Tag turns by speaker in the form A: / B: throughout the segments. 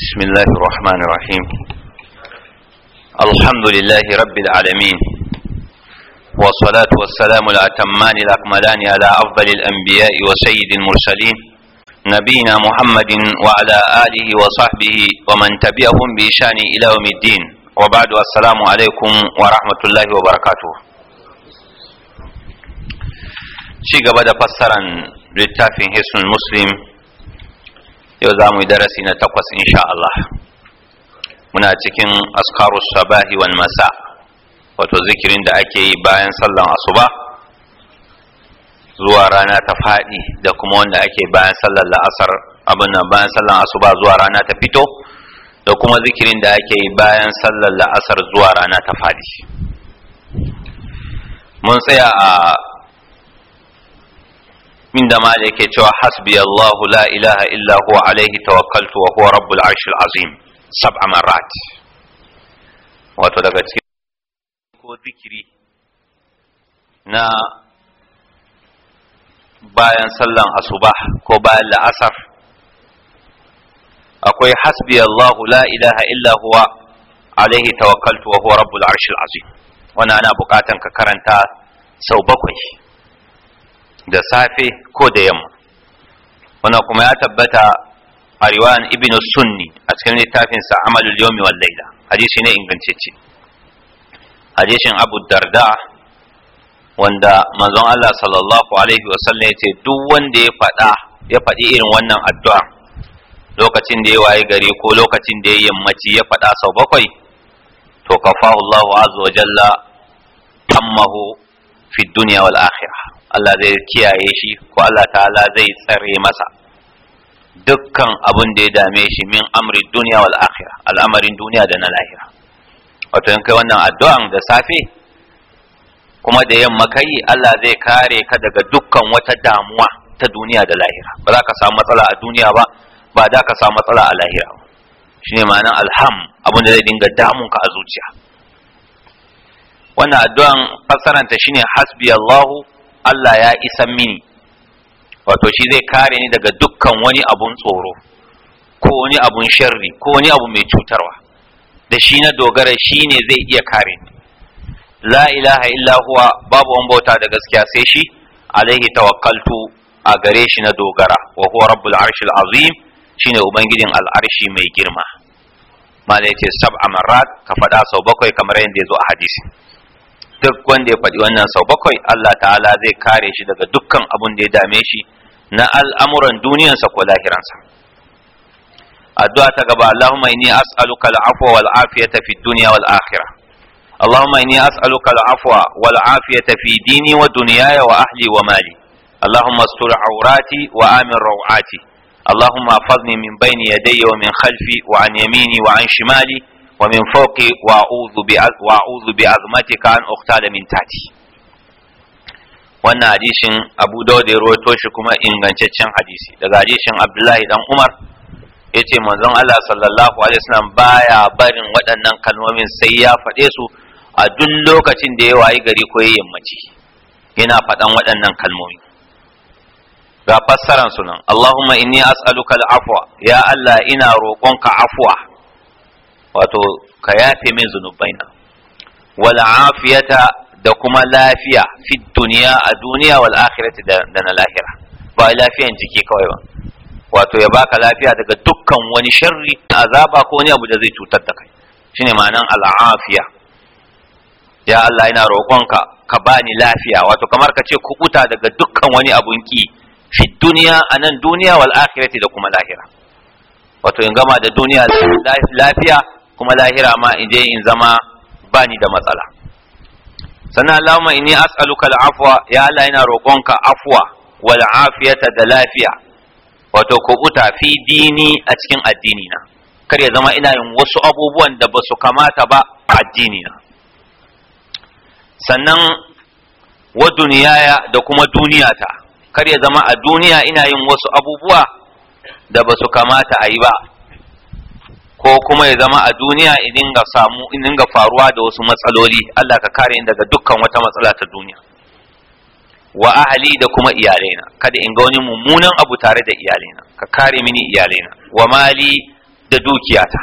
A: بسم الله الرحمن الرحيم الحمد لله رب العالمين والصلاة والسلام الأتمان الأكملان على أفضل الأنبياء وسيد المرسلين نبينا محمد وعلى آله وصحبه ومن تبعهم بإشان إلى يوم الدين وبعد السلام عليكم ورحمة الله وبركاته شيء قبل فسرا للتافه حسن المسلم yau za mu yi darasi na takwas insha Allah muna cikin askaru sabahi wal masa wato zikirin da ake yi bayan sallan asuba zuwa rana ta faɗi da kuma wanda ake bayan sallan la'asar abin nan bayan sallan asuba zuwa rana ta fito da kuma zikirin da ake yi bayan sallan la'asar zuwa rana ta faɗi mun tsaya a inda ma da yake cewa hasbi Allah la ilaha illa huwa alaihi tawakkaltu wa huwa rabbul arshil azim sab'a marat wato daga cikin ko zikiri na bayan sallan asuba ko bayan la'asar akwai hasbi Allah la ilaha illa huwa alaihi tawakkaltu wa huwa rabbul arshil azim wannan ana bukatan ka karanta sau bakwai da safe ko da yamma wannan kuma ya tabbata a riwayan ibn sunni a cikin littafin sa amalul yawmi wal layla hadisi ne ingantacce hadisin abu darda wanda manzon Allah sallallahu alaihi wa sallam yace duk wanda ya ya faɗi irin wannan addu'a lokacin da ya waye gari ko lokacin da ya yammaci ya faɗa sau bakwai to kafahu Allahu azza wa jalla tammahu fi dunya wal akhirah Allah zai kiyaye shi ko Allah ta'ala zai tsare masa dukkan abin da ya dame shi min amri duniya wal akhira al'amarin duniya da na lahira wato in kai wannan addu'an da safe kuma da yamma kai Allah zai kare ka daga dukkan wata damuwa ta duniya da lahira ba za ka samu matsala a duniya ba ba za ka samu matsala a lahira ba shine ma'anar alham abin da zai dinga damun ka a zuciya wannan addu'an fassaranta shine hasbi Allahu Allah ya isan mini wato shi zai kare ni daga dukkan wani abun tsoro ko wani abun sharri ko wani abu mai cutarwa da shi na dogara shi ne zai iya kare ni la ilaha illa huwa babu wani bauta da gaskiya sai shi alaihi tawakkaltu a gare shi na dogara wa huwa rabbul arshil azim shine ubangijin al'arshi mai girma malai ce sab'a marat ka faɗa sau bakwai kamar yadda ya zo a hadisi duk wanda ya faɗi wannan sau bakwai Allah ta'ala zai kare shi daga dukkan abun da ya dame shi na al'amuran duniyansa ko lahiransa addu'a ta gaba Allahumma inni as'aluka afwa wal afiyata fid dunya wal akhirah Allahumma inni as'aluka al'afwa wal afiyata fi dini wa dunyaya wa ahli wa mali Allahumma astur awrati wa amin rawati Allahumma fazni min bayni yadayya wa min khalfi wa an yamini wa an shimali ومن فوقي fawqi wa a'udhu bi wa a'udhu wannan hadisin Abu Dawud ya rawaito shi kuma ingantaccen hadisi daga hadisin Abdullahi dan Umar yace manzon Allah sallallahu alaihi wasallam baya barin waɗannan kalmomin sai ya faɗe su a duk lokacin da ya wayi gari ko ya yammaci yana faɗan waɗannan kalmomi ga fassaran su nan Allahumma inni as'aluka al-afwa ya Allah ina roƙonka afwa wato ka yafe min zunubaina wal afiyata da kuma lafiya fi duniya a duniya wal akhirati da na lahira ba lafiyan jiki kawai ba wato ya baka lafiya daga dukkan wani sharri azaba ko wani abu da zai cutar da kai shine ma'anan al afiya ya Allah ina roƙonka ka bani lafiya wato kamar ka ce kubuta daga dukkan wani abun ki fi duniya a nan duniya wal akhirati da kuma lahira wato in gama da duniya lafiya kuma lahira ma in je in zama bani da matsala sannan Allahumma inni as'aluka al'afwa ya Allah ina roƙonka afwa wal afiyata da lafiya wato kubuta fi dini a cikin addini na kar ya zama ina yin wasu abubuwan da ba su kamata ba a addini na sannan wa duniyaya da kuma duniyata kar ya zama a duniya ina yin wasu abubuwa da ba su kamata a yi ba ko kuma ya zama a duniya in dinga samu in dinga faruwa da wasu matsaloli Allah ka kare ni daga dukkan wata matsala ta duniya wa ahli da kuma iyalaina kada in ga wani mummunan abu tare da iyalaina ka kare mini iyalaina wa mali da dukiyata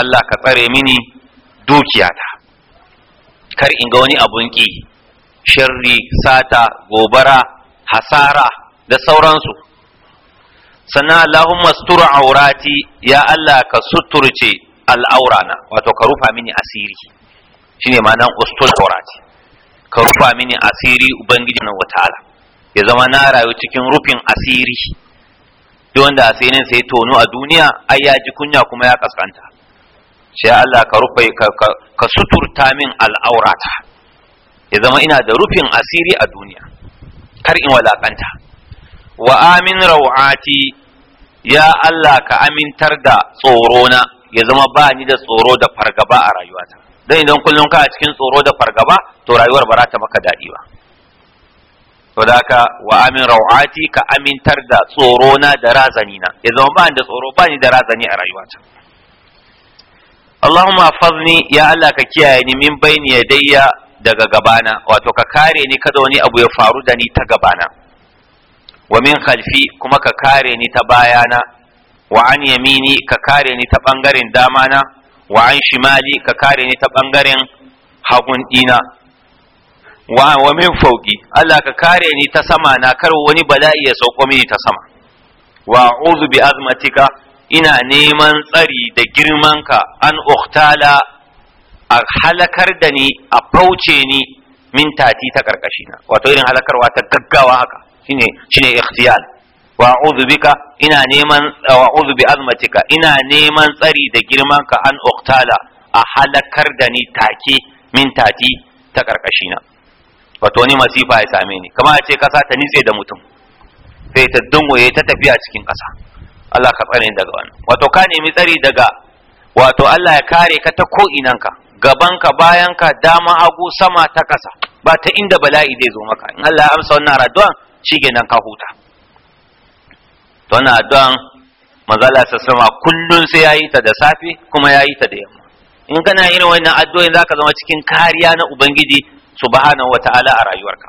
A: Allah ka tsare mini dukiyata kar in ga wani abun ki sharri sata gobara hasara da sauransu sannan Allahumma sutura aurati ya Allah ka suturce al'aurana wato ka rufa mini asiri shine ma'anan ustura aurati ka rufa mini asiri ubangiji na wataala ya zama na rayu cikin rufin asiri duk wanda asirin sai tono a duniya ai ya ji kunya kuma ya kaskanta sai Allah ka rufe ka suturta min al'aurata ya zama ina da rufin asiri a duniya kar in walakanta wa amin rawati ya Allah ka amintar da tsorona ya zama ba ni da tsoro da fargaba a rayuwata don idan kullum ka a cikin tsoro da fargaba to rayuwar ba za ta maka daɗi ba to da ka wa amin rawati ka amintar da tsorona da na ya zama ba ni da tsoro ba ni da razani a rayuwata Allahumma fazni ya Allah ka kiyaye ni min bayni yadayya daga gabana wato ka kare ni kada wani abu ya faru da ni ta gabana wa min khalfi kuma ka kare ni ta bayana wa an yamini ka kare ni ta bangaren damana wa an shimali ka kare ni ta bangaren hagun ɗina wa min fawqi Allah ka kare ni ta sama na kar wani bala'i ya sauko mini ta sama wa a'udhu bi azmatika ina neman tsari da girmanka an uktala a halakar da ni a fauce ni min tati ta karkashina wato irin halakarwa ta gaggawa haka shine shine ikhtiyar wa a'udhu bika ina neman wa a'udhu bi azmatika ina neman tsari da girman ka an uqtala a halakar da ni take min tati ta karkashi na wato ni masifa ya same ni kamar a ce kasa ta nitse da mutum sai ta dungoye ta tafiya cikin kasa Allah ka tsare daga wannan wato ka nemi tsari daga wato Allah ya kare ka ta ko ka bayan ka dama hagu sama ta kasa ba ta inda bala'i zai zo maka in Allah ya amsa wannan addu'a shikenan ka huta to wannan addu'an manzala sama kullun sai yayi ta da safe kuma yayi ta da yamma in kana irin wannan addu'o'in zaka zama cikin kariya na ubangiji subhanahu wata'ala a rayuwarka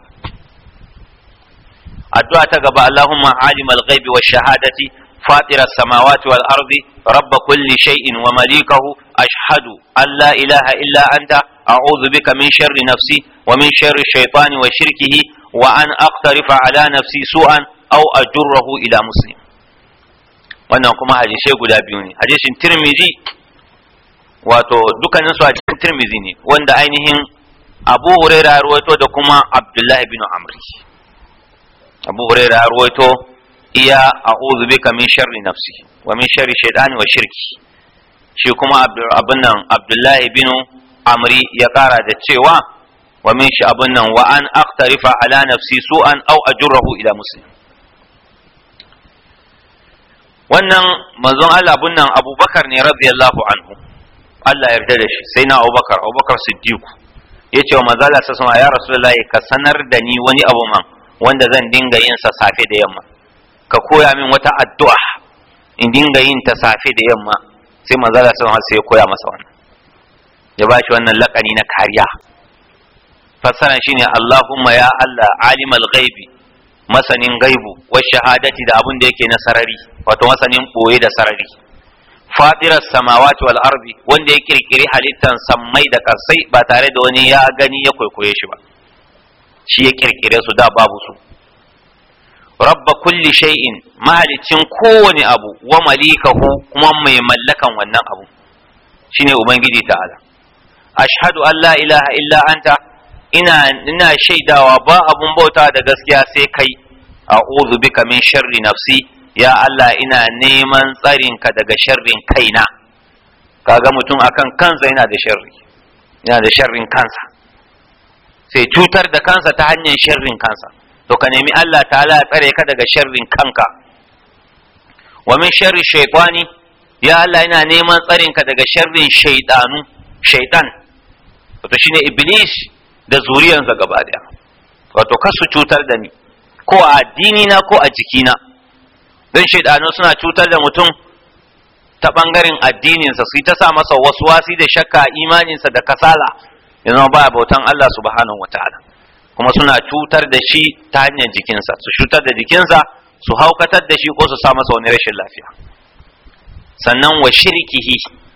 A: addu'a ta gaba Allahumma alimal ghaibi wa shahadati فاطر السماوات والأرض رب كل شيء ومليكه أشهد أن لا إله إلا أنت أعوذ بك من شر نفسي ومن شر الشيطان وشركه وأن أقترف على نفسي سوءا أو أجره إلى مسلم wannan kuma shi guda biyu ne hadisin tirmizi wato dukkanin su hadisin tirmizi ne wanda ainihin abu huraira ruwaito da kuma abdullahi bin amri abu huraira ruwaito iya a bika min sharri nafsi wa min sharri shaytani wa shirki shi kuma abin nan abdullahi bin amri ya kara da cewa wa min shi abun nan wa an aktarifa ala nafsi su'an aw ajurrahu ila muslim wannan manzon Allah bun nan Abubakar ne radiyallahu anhu Allah ya yarda da shi sai na Abubakar Abubakar Siddiq yace wa manzon Allah ya rasulullahi ka sanar da ni wani abu man wanda zan dinga yin sa safe da yamma ka koya min wata addu'a in dinga yin ta safe da yamma sai manzon Allah sai ya koya masa wannan ya ba shi wannan laƙani na kariya fassara shine Allahumma ya Allah alimal ghaibi masanin gaibu wa shahadati da abun da yake na sarari wato masanin boye da sarari fatirar samawati wal arbi wanda ya kirkiri halittan sammai da kasai ba tare da wani ya gani ya kwaikwaye shi ba shi ya kirkire su da babu su rabba kulli shay'in mahalicin kowane abu wa malikahu kuma mai mallakan wannan abu shine ubangiji ta'ala ashhadu an la ilaha illa anta ina ina shaidawa ba abun bauta da gaskiya sai kai A a'udhu bika min sharri nafsi ya Allah ina neman tsarinka daga sharrin kaina kaga mutum akan kansa yana da sharri yana da sharrin kansa sai cutar da kansa ta hanyar sharrin kansa to ka nemi Allah ta'ala ya tsare ka daga sharrin kanka wa min sharri shaytani ya Allah ina neman tsarinka daga sharrin shaytanu shaytan wato shine iblis da zuriyansa gaba daya wato kasu cutar da ni ko a addini na ko a jikina don shaidano suna cutar da mutum ta bangaren addininsa su yi ta sa masa wasu wasi da shakka imaninsa da kasala ya zama ba bautan Allah subhanahu wataala kuma suna cutar da shi ta hanyar jikinsa su cutar da jikinsa su haukatar da shi ko su sa masa wani rashin lafiya sannan wa shirkihi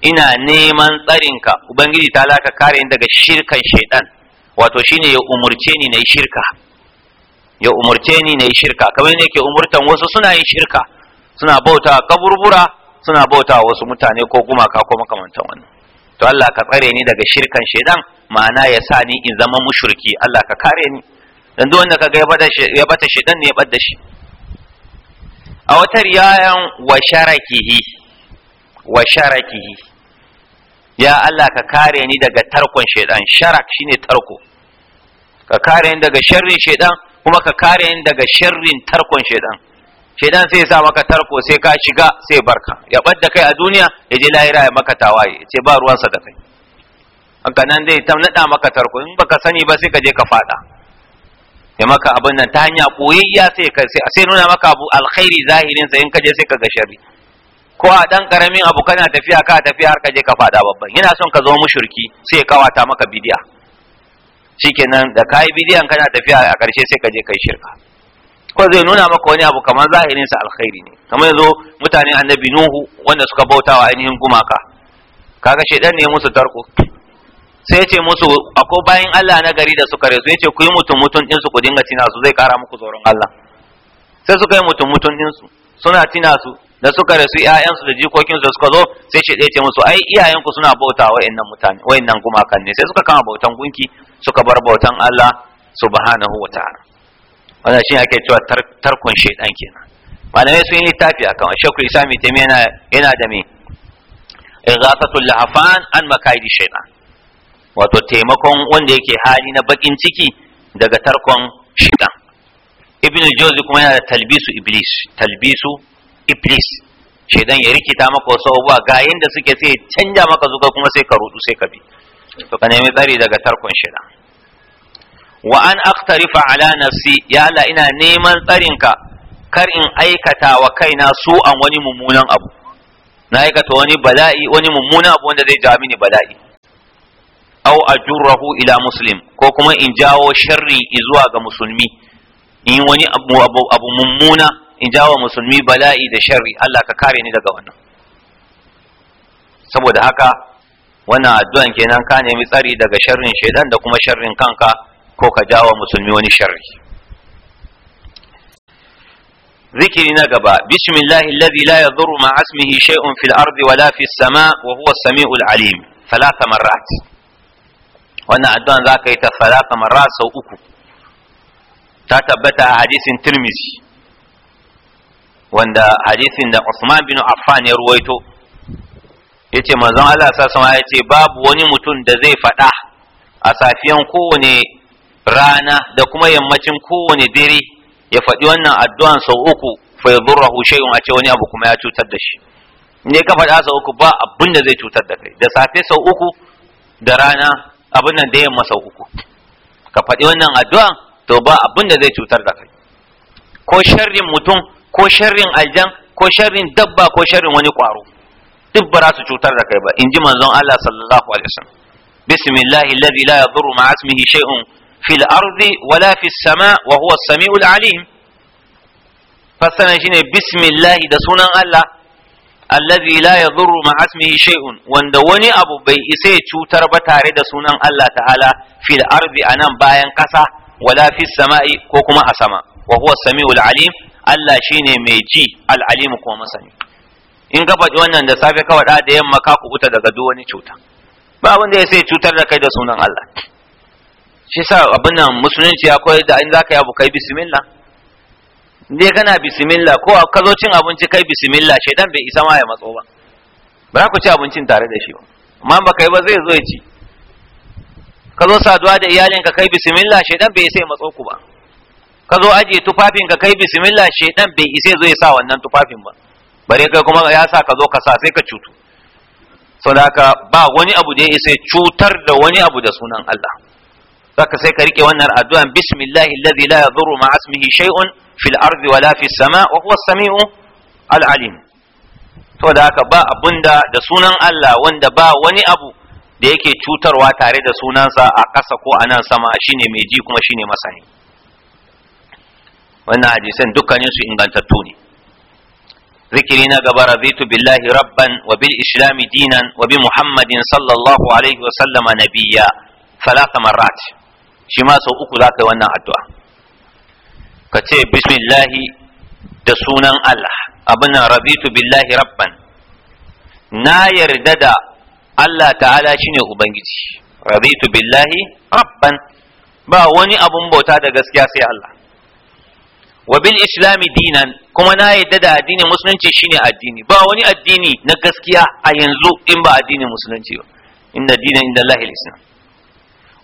A: ina neman tsarinka ubangiji ta laka kare ni daga shirkan shaidan wato shine ya umurce ni na yi shirka ya umurce ni na yi shirka kamar ne ke umurtan wasu suna yin shirka suna bauta kaburbura suna bauta wasu mutane ko gumaka ko makamantan wannan to Allah ka tsare ni daga shirkan shaidan ma'ana ya sa ni in zama mushriki Allah ka kare ni dan duk wanda kaga ya bata shaidan ne ya bada shi a wata riyayan wa sharakihi wa sharakihi ya Allah ka kare ni daga tarkon shaidan sharak shine tarko ka kare ni daga sharrin shaidan kuma ka kare ni daga sharrin tarkon shaidan shaidan sai ya sa maka tarko sai ka shiga sai barka ya badda kai a duniya ya je lahira ya maka tawaye ce ba ruwansa da kai haka nan dai ta nada maka tarko in baka sani ba sai ka je ka fada ya maka abin nan ta hanya koyayya sai ka sai nuna maka abu alkhairi zahirin sa in ka je sai ka ga sharri ko a dan karamin abu kana tafiya ka tafiya har ka je ka fada babban yana son ka zama mushriki sai ya kawata maka bidiya shikenan da kai bidiyan kana tafiya a karshe sai ka je kai shirka ko zai nuna maka wani abu kamar zahirin sa alkhairi ne kamar yanzu mutane annabi nuhu wanda suka bautawa ainihin gumaka kaga shedan ne musu tarko sai ce musu akwai bayan Allah na gari da suka rezo yace ku yi mutum mutum din su ku dinga tina su zai kara muku tsoron Allah sai suka yi mutum mutum din su suna tina su da suka rasu iyayensu da jikokinsu da suka zo sai shi ɗaya ce musu ai iyayenku suna bauta wa innan mutane wa innan gumakan ne sai suka kama bautan gunki suka bar bautan Allah subhanahu ta'ala wannan shi ake cewa tarkon shaidan kenan malamai sun yi littafi akan shekul isami taimi yana yana da me ighathatul lahafan an makaidi shaidan wato taimakon wanda yake hali na bakin ciki daga tarkon shaidan ibn al kuma yana da talbisu iblis talbisu iblis shaidan ya rikita maka wasu abubuwa ga yanda suke sai canja maka zuka kuma sai ka rudu sai ka bi to ka nemi tsari daga tarkon shida. wa an aktarifa ala nafsi ya Allah ina neman tsarin ka kar in aikata wa kaina su an wani mummunan abu na aikata wani bala'i wani mummunan abu wanda zai jawo mini bala'i au ajurrahu ila muslim ko kuma in jawo sharri zuwa ga musulmi in wani abu, abu mummuna in jawo musulmi bala'i da sharri Allah ka kare ni daga wannan saboda haka wannan addu'an kenan ka nemi tsari daga sharrin shaidan da kuma sharrin kanka ko ka jawo musulmi wani sharri zikiri na gaba bismillahi alladhi la yadhurru ma asmihi shay'un fil ardi wala fis samaa wa huwa as-sami'ul 'alim thalatha wannan addu'an zaka yi ta thalatha marrat sau uku ta tabbata a hadisin tirmidhi wanda hadisin da Usman bin Affan ya ruwaito yace manzon Allah sallallahu alaihi yace babu wani mutum da zai faɗa a safiyan kowane rana da kuma yammacin kowane dare ya faɗi wannan addu'an sau uku fa yadurruhu shay'un a ce wani abu kuma ya cutar da shi ne ka fada sau uku ba abin da zai cutar da kai da safe sau uku da rana abin nan da yamma sau uku ka faɗi wannan addu'an to ba abin da zai cutar da kai ko sharrin mutum ko sharrin aljan ko sharrin dabba ko sharrin wani ƙwaro duk ba za su cutar da kai ba in ji manzon Allah sallallahu alaihi wasallam bismillahi alladhi la yadurru ma'a ismihi shay'un fil ardi wala fis sama wa huwa as-sami'ul alim fassara shine bismillahi da sunan Allah alladhi la yadurru ma'a ismihi shay'un wanda wani abu bai isa ya cutar ba tare da sunan Allah ta'ala fil ardi anan bayan kasa wala fis sama'i ko kuma a sama wa huwa as-sami'ul alim Allah shi ne mai ji al'alimu kuma masani in ka faɗi wannan da safe kawai ɗa da yamma ka kubuta daga duk wani cuta ba wanda ya sai cutar da kai da sunan Allah shi sa abin nan musulunci ya koyar da in zaka yi abu kai bismillah ne kana bismillah ko ka zo cin abinci kai bismillah shaidan bai isa ma ya matso ba ba ku ci abincin tare da shi ba amma ba kai ba zai zo ya ci ka zo saduwa da iyalinka kai bismillah shaidan bai isa ya matso ku ba ka zo aje tufafin ka kai bismillah shaidan bai isa zo ya sa wannan tufafin ba bare kai kuma ya sa ka zo ka sa sai ka cutu saboda ba wani abu da ya isa cutar da wani abu da sunan Allah saka sai ka rike wannan addu'an bismillahi alladhi la yadhurru ma ismihi shay'un fil ardi wala fis sama wa huwa as-sami'u al-alim haka ba abunda da sunan Allah wanda ba wani abu da yake cutarwa tare da sunansa a ƙasa ko a nan sama shine mai ji kuma shine masani wannan hadisan dukkanin su ingantattu ne ذكري نغب رضيت بالله ربا وبالإسلام دينا وبمحمد صلى الله عليه وسلم نبيا ثلاث shi ma sau uku zaka wannan addu'a kace bismillah da sunan Allah abin raditu billahi rabban na yarda da Allah ta'ala shine ubangiji raditu billahi rabban ba wani abun bauta da gaskiya sai Allah wa bil islami dinan kuma na yadda da addinin musulunci shine addini ba wani addini na gaskiya a yanzu in ba addinin musulunci ba inna dinan inda Allah islam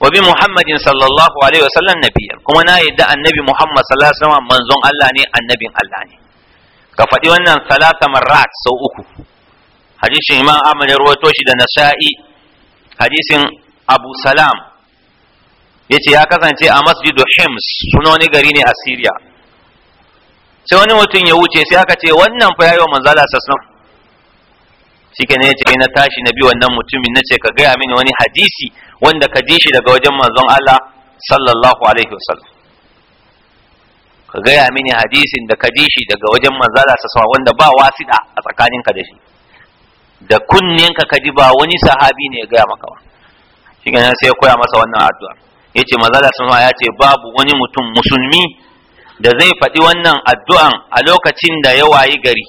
A: wa bi muhammadin sallallahu alaihi wasallam nabiyya kuma na yadda annabi muhammad sallallahu alaihi wasallam manzon Allah ne annabin Allah ne ka faɗi wannan salata marrat sau uku hadisin imam ahmad ya rawaito shi da nasa'i hadisin abu salam yace ya kasance a masjidu hims suna wani gari ne a syria sai wani mutum ya wuce sai aka ce wannan fa yayi wa manzo Allah shi shike ne ce eh, na tashi na bi wannan mutumin na ce ka gaya mini wani hadisi wanda ka ji shi daga wajen manzon Allah sallallahu alaihi wasallam ka gaya mini hadisin da ka ji shi daga wajen manzo Allah wanda ba wasida a tsakaninka da shi da kunninka ka ji ba wani sahabi ne ya gaya maka ba shi ne sai ya koya masa wannan addu'a yace manzo Allah sallallahu ya ce babu wani mutum musulmi da zai faɗi wannan addu'an a lokacin da ya wayi gari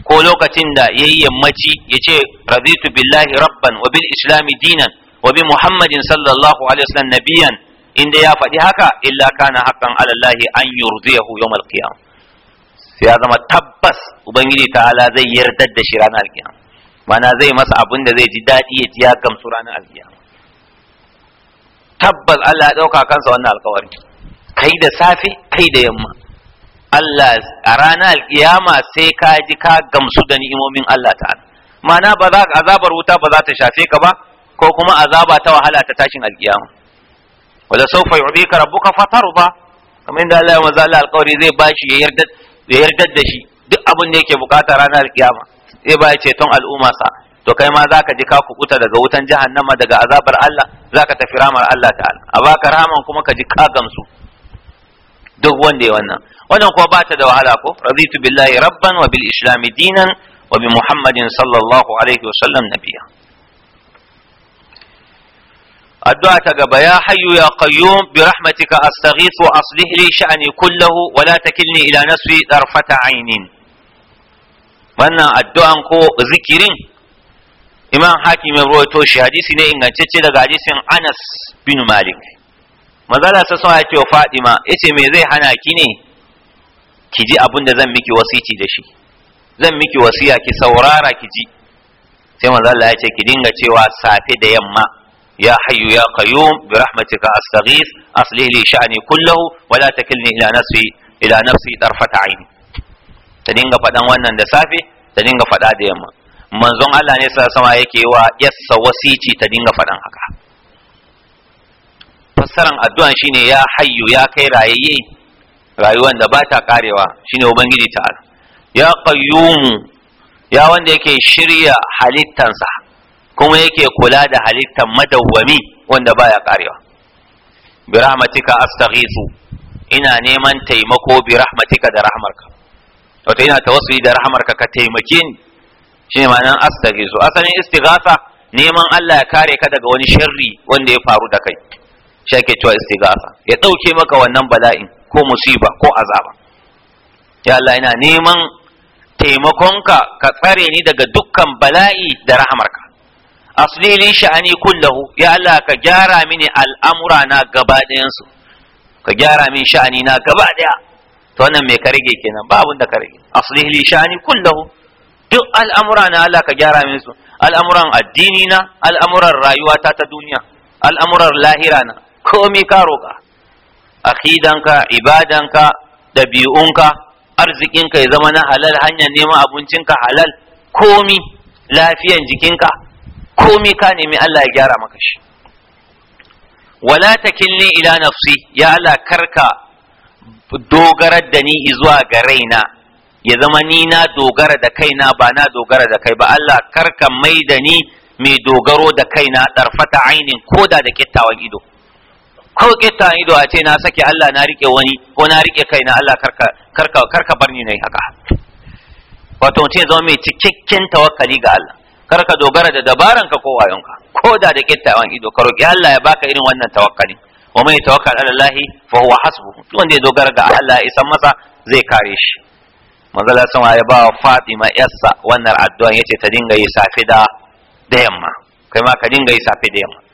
A: ko lokacin da ya yi yammaci ya ce raditu billahi rabban wa bil islami dinan wa bi muhammadin sallallahu alaihi wasallam nabiyan inda ya faɗi haka illa kana haqqan ala allahi an yurdiyahu yawm al qiyam sai ya zama tabbas ubangiji ta'ala zai yarda da shi ranar alqiyam mana zai masa abin da zai ji daɗi ya ji ya gamsu ranar alqiyam tabbas Allah ya ɗauka kansa wannan alƙawari kai da safe kai da yamma Allah a ranar alkiyama sai ka ji ka gamsu da ni'imomin Allah ta'ala Mana ba za azabar wuta ba za ta shafe ka ba ko kuma azaba ta wahala ta tashin alkiyama wala sawfa yu'tika rabbuka fatarda kamar inda Allah ya maza Allah alƙawari zai bashi ya yarda ya yarda da shi duk abin da yake bukata ranar alkiyama zai ba ceton al'umma sa to kai ma zaka ji ka kukuta daga wutan jahannama daga azabar Allah zaka tafi ramar Allah ta'ala a baka raman kuma ka ji ka gamsu duk wanda ya wannan wannan kuwa ba ta da wahala ko raditu billahi rabban wa bil islami dinan wa bi muhammadin sallallahu alaihi wa sallam nabiya addu'a ta gaba ya hayyu ya qayyum bi rahmatika astaghithu aslih li sha'ni kullahu wa la takilni ila nafsi tarfata aynin wannan addu'an ko zikirin imam hakim ya rawaito shi hadisi ne ingantacce daga hadisin Anas bin Malik manzala ta sama ya ce wa Fadima yace me zai hana ki ne ki ji abin da zan miki wasici da shi zan miki wasiya ki saurara ki ji sai mazala ya ce ki dinga cewa safe da yamma ya hayyu ya qayyum bi rahmatika astaghith aslih li sha'ni kullahu wa la takilni ila nafsi ila nafsi tarfata aini ta dinga faɗan wannan da safe ta dinga faɗa da yamma manzon Allah ne sa sama yake wa yassa wasici ta dinga faɗan haka fassaran addu'an shine ya hayyu ya kai rayayye rayuwan da ba ta karewa shine ubangiji ta'ala ya qayyum ya wanda yake shirya halittansa kuma yake kula da halittan madawwami wanda baya karewa bi rahmatika astaghisu ina neman taimako bi rahmatika da rahmarka wato ina tawassuli da rahmarka ka taimake ni shine ma'anar astaghisu asalin istighatha neman Allah ya kare ka daga wani sharri wanda ya faru da kai shake cewa istighatha ya dauke maka wannan bala'in ko musiba ko azaba ya Allah ina neman taimakonka ka tsare ni daga dukkan bala'i da rahamarka asli li sha'ani kullahu ya Allah ka gyara mini al'amura na gaba ɗayansu ka gyara min sha'ani na gaba ɗaya to wannan me ka rage kenan ba da ka rage asli li sha'ani kullahu duk al'amura na Allah ka gyara min su al'amuran addini na al'amuran rayuwata ta duniya al'amuran lahira na komi ka roƙa akidanka ibadanka ɗabi'unka arzikinka ya zama na halal hanyar neman abincin ka halal komi lafiyan jikinka komi ka nemi Allah ya gyara maka shi wala takilni ila nafsi ya Allah karka dogarar da ni zuwa ga raina ya zama ni na dogara da kaina ba na dogara da kai ba Allah karka mai da ni mai dogaro da kaina ɗarfata ainin koda da kyattawan ido kawai ƙetta ido a ce na sake Allah na rike wani ko na rike kaina Allah karka karka bar ni nayi haka wato mutum zama mai cikakken tawakkali ga Allah karka dogara da dabaran ka ko wayonka ko da da ƙettawan ido ka roki Allah ya baka irin wannan tawakkali wa mai tawakkal ala Allah fa huwa hasbuhu wanda ya dogara ga Allah ya isan masa zai kare shi manzo Allah sama ya ba wa Fatima yarsa wannan addu'a yace ta dinga yi safi da yamma kai ma ka dinga yi safi da yamma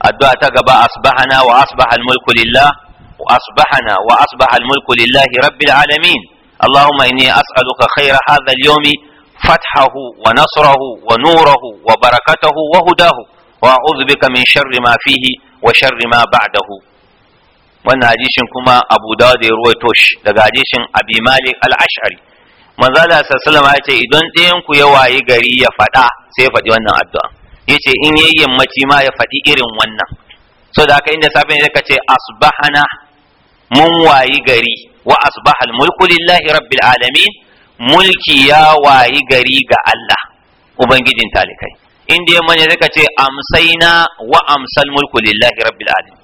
A: addu'a ta gaba asbahana wa asbaha almulku lillah wa asbahana wa asbaha al lillahi rabbil alamin allahumma inni as'aluka khayra hadha fathahu wa nasrahu wa nurahu wa barakatahu wa hudahu wa a'udhu bika min sharri ma fihi wa sharri ma ba'dahu wannan hadisin kuma Abu Dawud ya ruwaito shi daga hadisin Abi Malik al-Ash'ari manzo sallallahu alaihi wasallam ya ce idan ɗayan ku ya wayi gari ya faɗa sai ya faɗi wannan addu'a yace in yayi yammaci ma ya faɗi irin wannan so da haka inda safe ne ka ce asbahana mun wayi gari wa asbahal mulku lillahi rabbil alamin mulki ya wayi gari ga Allah ubangijin talikai inda yamma ne ka ce amsaina wa amsal mulku lillahi rabbil alamin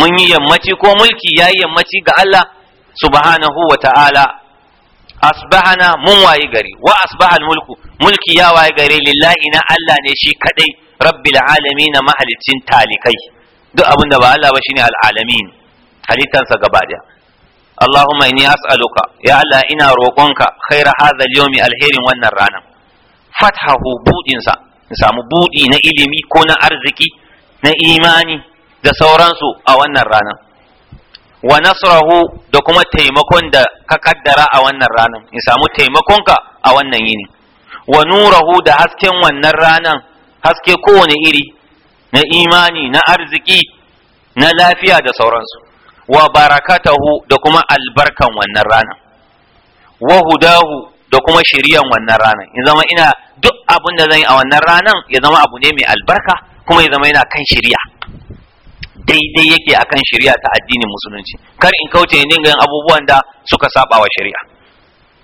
A: mun yi yammaci ko mulki yi yammaci ga Allah subhanahu wa ta'ala asbahana mun waye gari wa asbahal mulku mulki ya waye gari lillahi na Allah ne shi kadai rabbil alamin mahalicin talikai duk abin da ba Allah ba shine al alamin halittansa gaba daya اللهم إني أسألك ina الله إنا روقونك خير alherin wannan ranar. fathahu budinsa in samu budi na ilimi ko na arziki na imani da sauransu a wannan ranar wa nasrahu da kuma taimakon da ka kaddara a wannan ranan in samu taimakonka a wannan yini wa nurahu da hasken wannan ranan haske kowane iri na imani na arziki na lafiya da sauransu wa barakatahu da kuma albarkan wannan ranan wa hudahu da kuma shiriyan wannan ranan in zama ina duk abin da zan yi a wannan ranan ya zama abu ne mai albarka kuma ya zama yana kan shiriya daidai yake kan shari'a ta addinin musulunci kar in kauce ne dinga yin abubuwan da suka saba wa shari'a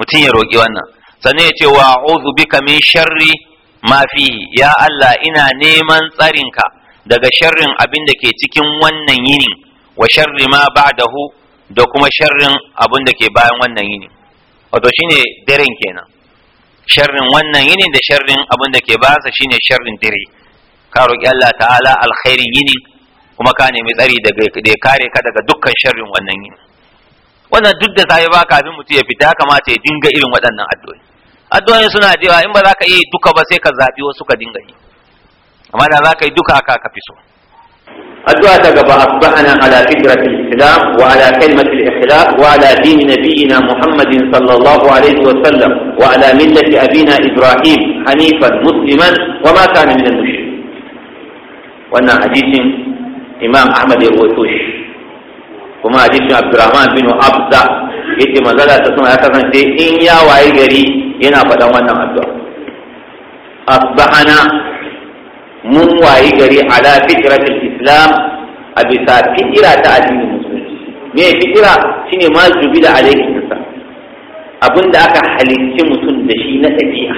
A: mutum ya roƙi wannan sannan ya ce wa a'udhu bika min sharri ma fihi ya Allah ina neman tsarinka daga sharrin abin da ke cikin wannan yinin wa sharri ma ba'dahu da kuma sharrin abin da ke bayan wannan yinin wato shine daren kenan sharrin wannan yinin da sharrin abin da ke bayansa shine sharrin dare ka roƙi Allah ta'ala alkhairin yinin kuma ka nemi tsari da ya kare ka daga dukkan sharrin wannan yin wannan duk da sai kafin ka abin mutum ya fita kamata ya dinga irin waɗannan addu'o'i addu'o'in suna yawa in ba za ka yi duka ba sai ka zaɓi wasu ka dinga yi amma za ka yi duka aka ka fi so addu'a ta gaba asbahana ala fitratil islam wa ala kalmatil ikhlas wa ala din nabiyina muhammadin sallallahu alaihi wa sallam wa ala millati abina ibrahim hanifan musliman wa ma kana min al wannan hadisin imam ahmad ya rubuto shi kuma hadisin abdurrahman bin abda yace manzala ta suna ya kasance in ya waye gari yana faɗan wannan addu'a asbahana mun waye gari ala fitratil islam a bisa fitira ta addinin musulunci me fitira shine ma da alaikin nasa abinda aka halicci mutum da shi na tafiya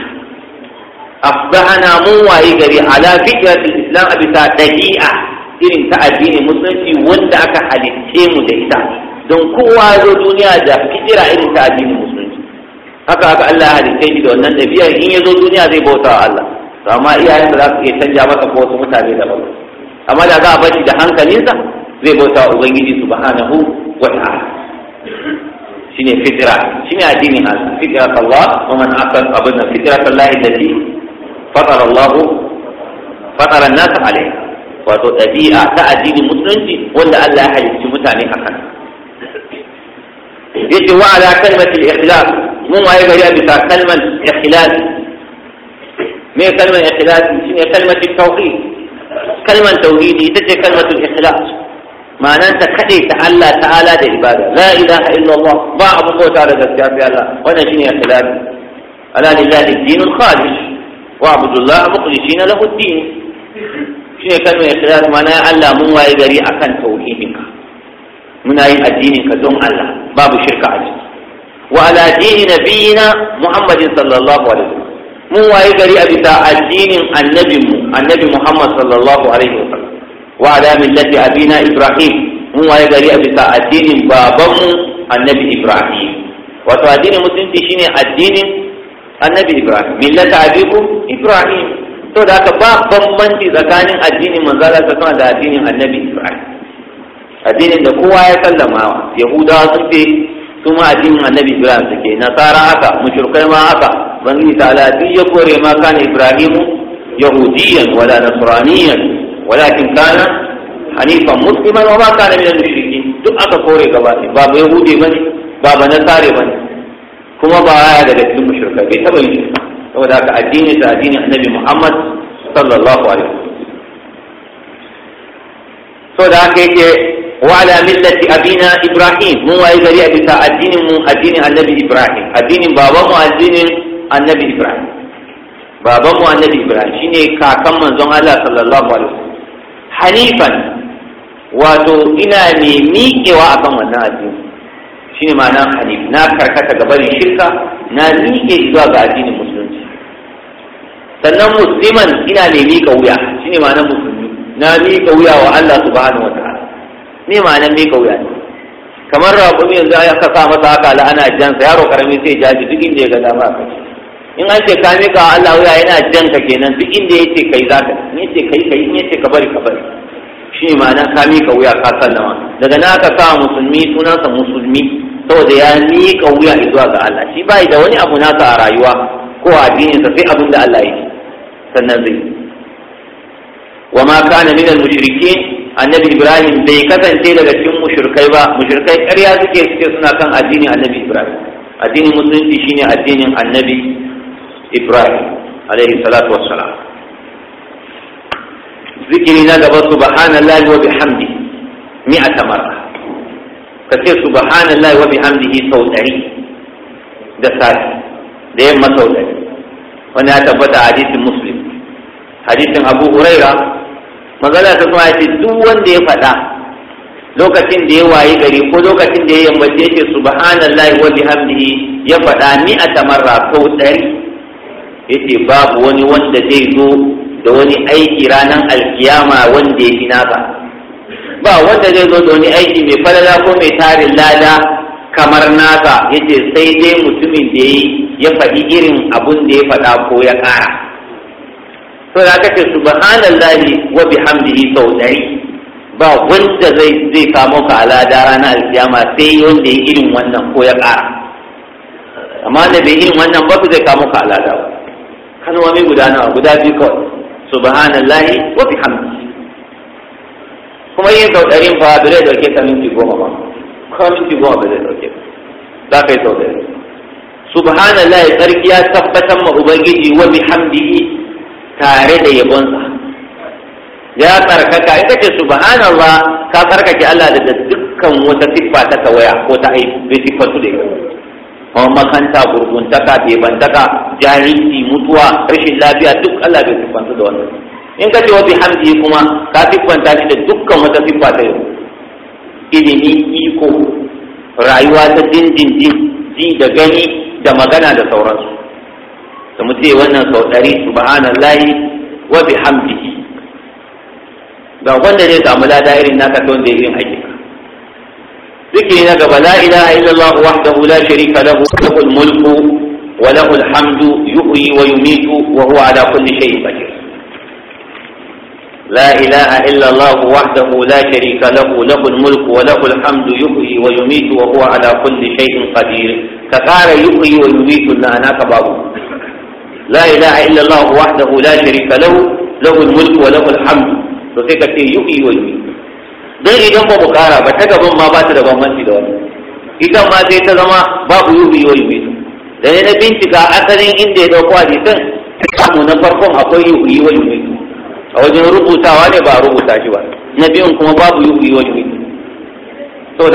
A: asbahana mun waye gari ala fitratil islam a bisa ɗabi'a irin ta addinin musulunci wanda aka halitce mu da ita don kowa zo duniya da fikira irin ta addinin musulunci haka haka Allah ya halicce shi da wannan ɗabi'ar in ya zo duniya zai bauta wa Allah to amma iyayen da za su iya canja masa ko wasu mutane ba. amma da za a bar shi da hankalinsa zai bauta wa ubangiji subhanahu wa ta'ala shine fitira shine addinin Allah fitira. Allah wa man aqal abuna fitira Allah illati fatara Allah fatara an-nas alayha wato ɗabi'a ta addinin musulunci wanda Allah ya halicci mutane a kan yace wa ala kalmatil ikhlas mun waye gari a bisa kalmar ikhlas me kalmar ikhlas shine kalmar tauhid kalmar tauhidi ita ce kalmatul ikhlas ma'anar ta kade ta Allah ta'ala da ibada la ilaha illallah ba abu ko ta da gaskiya sai Allah wannan shine ikhlas ala lillahi dinul khalis wa abdullah mukhlisina lahu din shi ne kalmar ikhlas mana Allah mun waye gari akan tauhidinka muna yin addinin ka don Allah babu shirka a ciki
B: wa ala dini nabiyina
A: Muhammadin sallallahu alaihi wasallam mun waye gari a bisa addinin mu annabi Muhammad sallallahu alaihi wasallam wa ala millati abina Ibrahim mun waye gari a bisa addinin baban mu annabi Ibrahim wato addinin musulunci shine addinin annabi Ibrahim millata abikum Ibrahim to da aka ba bambanci tsakanin addinin manzala ta sama da addinin annabi Ibrahim addinin da kowa ya sallama yahudawa sun ce su ma addinin annabi Ibrahim suke nasara haka mushrikai ma haka bangi ta'ala duk ya kore ma kana Ibrahim yahudiyan wala nasraniyan walakin kana hanifan musliman wa ma kana min al-mushrikin duk aka kore gaba ba ba yahudi bane ba ba nasare bane kuma ba ya daga cikin mushrikai bai taba yin saboda haka addini ta addinin annabi Muhammad sallallahu alaihi wasallam saboda haka yake wa ala millati abina Ibrahim mun waye gari a bisa addinin mu addinin annabi Ibrahim addinin babanmu addinin annabi Ibrahim babanmu annabi Ibrahim shine kakan manzon Allah sallallahu alaihi wasallam hanifan wato ina ne miƙewa akan wannan addini shine ma'ana hanif na karkata gabarin shirka na miƙe zuwa ga addinin sannan musliman ina ne miƙa wuya ne ma'anar musulmi na mika wuya wa Allah subhanahu wa ta'ala ne ma'anar mika wuya kamar raƙumi yanzu ya kasa masa haka la'ana jansa yaro karami sai ji duk inda ya ga dama ka ce in an ce ka mika wa Allah wuya yana jan ka kenan duk inda ya ce kai za ka in ce kai kai in ce ka bari ka bari shi ne ma'anar ka mika wuya ka sallama daga na aka sa musulmi sunansa musulmi saboda ya mika wuya zuwa ga Allah shi bai da wani abu nasa a rayuwa ko a addininsa sai abin da Allah yake sannan zai wa ma kana min al annabi ibrahim bai kasance daga cikin mushrikai ba mushrikai ƙarya suke suke suna kan addinin annabi ibrahim addinin musulunci shine addinin annabi ibrahim alaihi salatu wassalam zikiri na gaba subhanallahi wa bihamdi mi'ata marra kace subhanallahi wa bihamdihi sau ɗari da sati da yamma sau ɗari. wani ya tabbata hadisin muslim hadisin abu huraira magana ta kuma ce duk wanda ya faɗa lokacin da ya wayi gari ko lokacin da ya yammace yake subhanallahi wa bihamdihi ya faɗa ni a tamarra ko ɗari yace babu wani wanda zai zo da wani aiki ranar alkiyama wanda ya fina naka ba wanda zai zo da wani aiki mai falala ko mai tarin lada kamar naka yace sai dai mutumin da ya faɗi irin abun da ya faɗa ko ya ƙara to da aka ce subhanallahi wa bihamdihi sau dari ba wanda zai zai kamo ka alada ranar alkiyama sai wanda ya irin wannan ko ya ƙara amma da bai irin wannan ba zai kamo ka alada ba kalmomi guda nawa guda biyu kawai subhanallahi wa bihamdihi kuma yin sau ɗarin fa ba zai dauke ka minti goma ba ko minti goma ba zai dauke za ka yi sau ɗari subhanallahi sarki ya tabbatar ma ubangiji wa bihamdihi tare da yabonsa ya tsarkaka ita ce subhanallah ka tsarkake Allah da dukkan wata siffa ta tawaya ko ta aiki bai su da ita kuma makanta gurguntaka bebantaka jahilci mutuwa rashin lafiya duk Allah bai su da wannan in ka ce wa bihamdi kuma ka siffanta shi da dukkan wata siffa ta yau ilimi iko rayuwa ta dindindin ji da gani da magana da sauransu da mutum wannan sau ɗari subhanallahi wa bihamdihi ga wanda zai samu lada irin naka don da irin ake ذكر نجب لا إله إلا الله وحده لا شريك له له الملك وله الحمد يحيي ويميت وهو على كل شيء قدير لا إله إلا الله وحده لا شريك له له الملك وله الحمد يحيي ويميت وهو على كل شيء قدير كقال يحيي ويميت لا أناك بابه لا إله إلا الله وحده لا شريك له له الملك وله الحمد فسيكا تيهي ويهي دغه دغه بوکارا بټه کوم ما باټه د کوم منځ دی کله ما دې ته زما باب یو یو یو دغه بنت کا اخرین انده د کوادې ته مو نه پر کوم هکو او جن رغو تا والے با رغو تا شو نبی کوم باب یو یو یو تو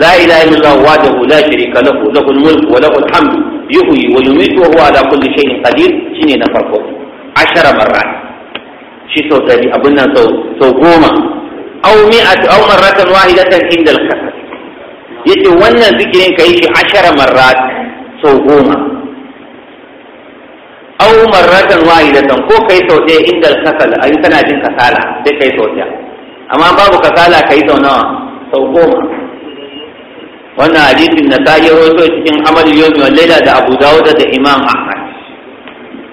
A: لا اله الا الله وحده لا شريك له له الملك وله الحمد yuhyi wa yumitu wa huwa ala kulli shay'in qadir shine na farko ashara marrat shi sau dari abin nan sau sau goma aw mi'at aw marratan wahidatan inda al-kasr yace wannan zikirin kai shi ashara marrat sau goma aw marratan wahidatan ko kai sau ɗaya inda al-kasal ayi kana jin kasala sai kai sau ɗaya amma babu kasala kai sau nawa sau goma wannan hadisin na sa'i rawaito cikin amal yomi wa laila da abu dawud da imam ahmad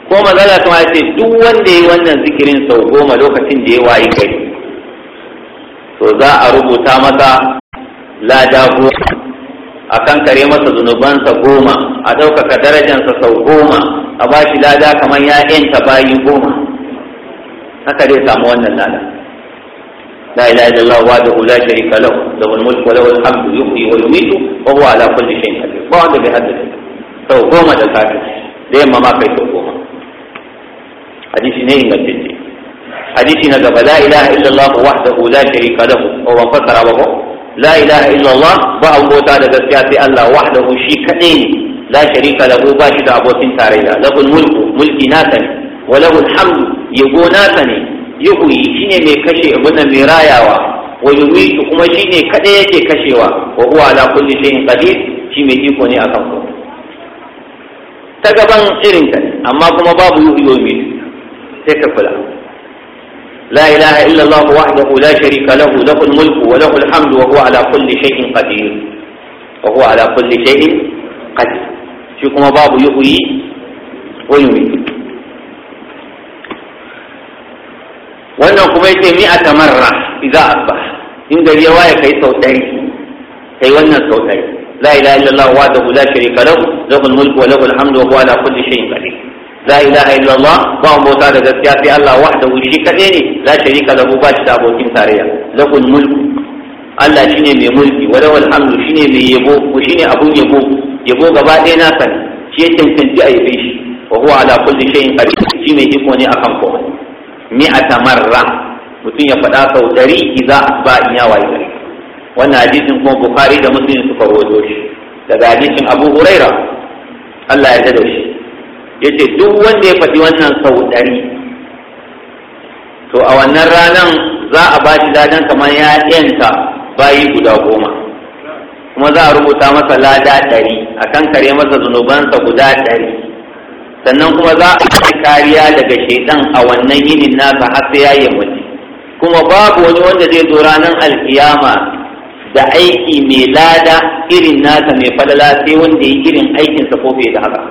A: ko mazala kuma ya ce duk wanda ya wannan zikirin sau goma lokacin da ya wayi kai to za a rubuta masa lada goma a kan kare masa zunubansa goma a ɗaukaka darajansa sau goma a ba lada kamar ya yanta bayi goma haka dai samu wannan lada لا إله إلا الله وحده لا شريك له له الملك وله الحمد يحيي ويميت وهو على كل شيء قدير ما عنده بحد تو قوما ده كافر ليه ما ما كيتو قوما حديث نين نجدي حديث نجب لا إله إلا الله وحده لا شريك له وهو فكر وهو لا إله إلا الله وهو تعالى بسياتي الله وحده شيء لا شريك له باشد أبو سنتارينا له الملك ملك ناتني وله الحمد يبو ناتني ya koyi shi mai kashe abinan mai rayawa wani wiki kuma shine kada yake kashewa wa huwa ala kulli shayin qadir shi mai iko ne akan ku ta gaban irin ta amma kuma babu yuhiyo mai sai ka kula la ilaha illa allah wahdahu la sharika lahu lahul mulku wa lahul hamdu wa huwa ala kulli shayin qadir wa huwa ala kulli shayin qadir shi kuma babu yuhiyo wani wiki wannan kuma yace mi a tamarra idza Abba. in gari ya waye kai sau ɗari kai wannan sau ɗari la ilaha illallah wahdahu la sharika lahu lahul mulki wa lahul hamdu wa huwa ala kulli shay'in qadir la ilaha illallah ba mu bauta da gaskiya sai Allah da shi kaɗai ne la sharika lahu ba shi da abokin tarayya lahul mulki. Allah shi ne mai mulki wa lahul hamdu ne mai yabo ko ne abun yabo yabo gaba ɗaya nasa ne shi ya cancanci a yabe shi wa huwa ala kulli shay'in kare. shi mai iko ne akan komai mi'ata marra mutum ya faɗa sau ɗari idza asba in ya wayi gari wannan hadisin kuma bukhari da muslim suka rawaito shi daga hadisin abu huraira Allah ya tada shi yace duk wanda ya faɗi wannan sau ɗari to a wannan ranan za a ba shi ladan kamar ya yanka bayi guda goma kuma za a rubuta masa lada ɗari a kan kare masa zunubansa guda ɗari sannan kuma za a yi kariya daga shaidan a wannan yinin nasa har sai yayi mutu kuma babu wani wanda zai zo ranar alkiyama da aiki mai lada irin nasa mai falala sai wanda ya yi irin aikinsa ko fiye da haka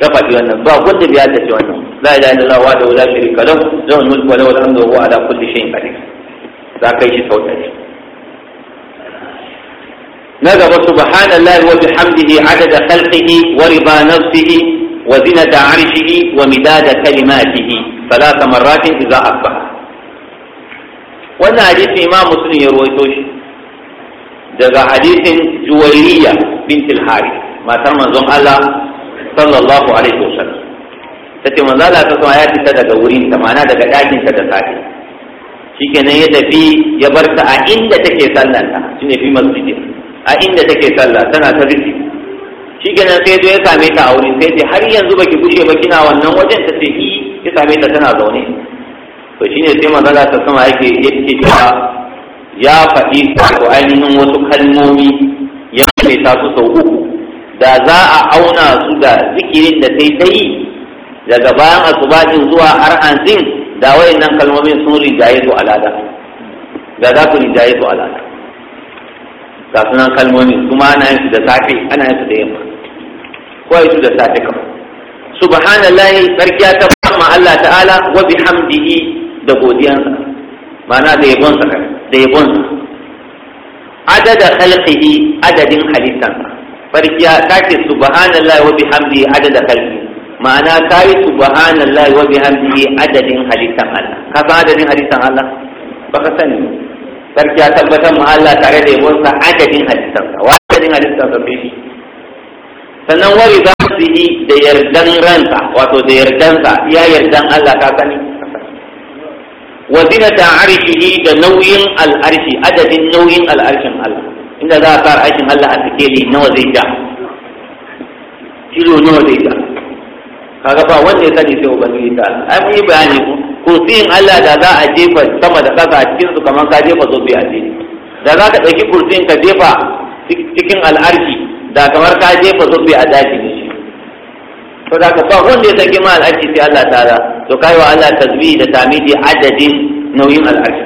A: ka faɗi wannan ba wanda bai yadda ce wannan la ilaha illallah wa la shirika lahu lahu mulku wa lahu alhamdu wa ala kulli shay'in qadir za ka yi shi sau na gaba subhanallahi wa bihamdihi adada khalqihi wa rida nafsihi wa zinata arshihi wa midada kalimatihi salasa marratin idza asbaha wannan hadisin imam muslim ya ruwaito shi daga hadisin juwayriya bint al-harith matar manzon Allah sallallahu alaihi wasallam tace manzo Allah ta ya fita daga wurin ta ma'ana daga dakin ta da safe shikenan ya tafi ya bar a inda take sallan ta shine fi masjidin a inda take sallah tana ta rufi shikenan sai zo ya same ta a wurin sai har yanzu baki bushe ba kina wannan wajen ta ce i eh. ya same ta tana zaune to shine sai manzala ta sama yake yake cewa ya faɗi ko ainihin wasu kalmomi ya mai ta su sau uku da za a auna su da zikirin da sai ta yi daga bayan asubahin zuwa har anzin da wayannan kalmomin sun rinjaye su alada da za ku rinjaye alada ga sunan kalmomi kuma ana yin su da safe ana yin su da yamma ko su da safe kawai subhanallahi sarkiya ta ma Allah ta'ala wa bihamdihi da godiyansa ma'ana da yabon sa da yabon sa adada khalqihi adadin halittan farkiya ya ce subhanallahi wa bihamdihi adada khalqi ma'ana kai subhanallahi wa bihamdihi adadin halittan Allah ka san adadin halittan Allah baka sani sarki ya tabbatar ma Allah tare da yabonsa adadin halittarsa wa adadin halittarsa bai shi sannan wari za su yi da yardan ransa wato da yardansa ya yardan Allah ka sani wa zinata arshihi da nauyin al'arshi adadin nauyin al'arshin Allah inda za a sa arshin Allah a sikeli nawa zai ja kilo nawa zai ja kaga ba wanda ya sani sai ubangiji ta ai An yi bayani ko kursiyin Allah da za a jefa sama da ƙasa a cikin su kamar ka jefa zobe a jeji da za ka ɗauki kursiyin ka jefa cikin al'arki da kamar ka jefa zobe a daji da shi to da ka ba wanda ya san ma al'arki sai Allah ta da to kai wa Allah tasbihi da tamidi adadin nauyin al'arki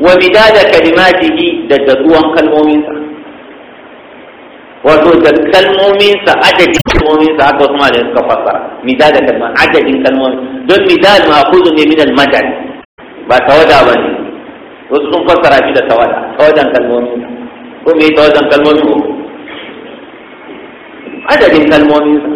A: wa bidada kalimatihi da datsuwan kalmominsa wato da kalmominsa adadin kalmominsa haka wasu malamin suka fassara mizal da adadin kalmomin don mizal ma kudu ne min al-madad ba tawada ba ne wasu sun fassara shi da tawada tawadan kalmomin ko me tawadan kalmomin ko adadin kalmominsa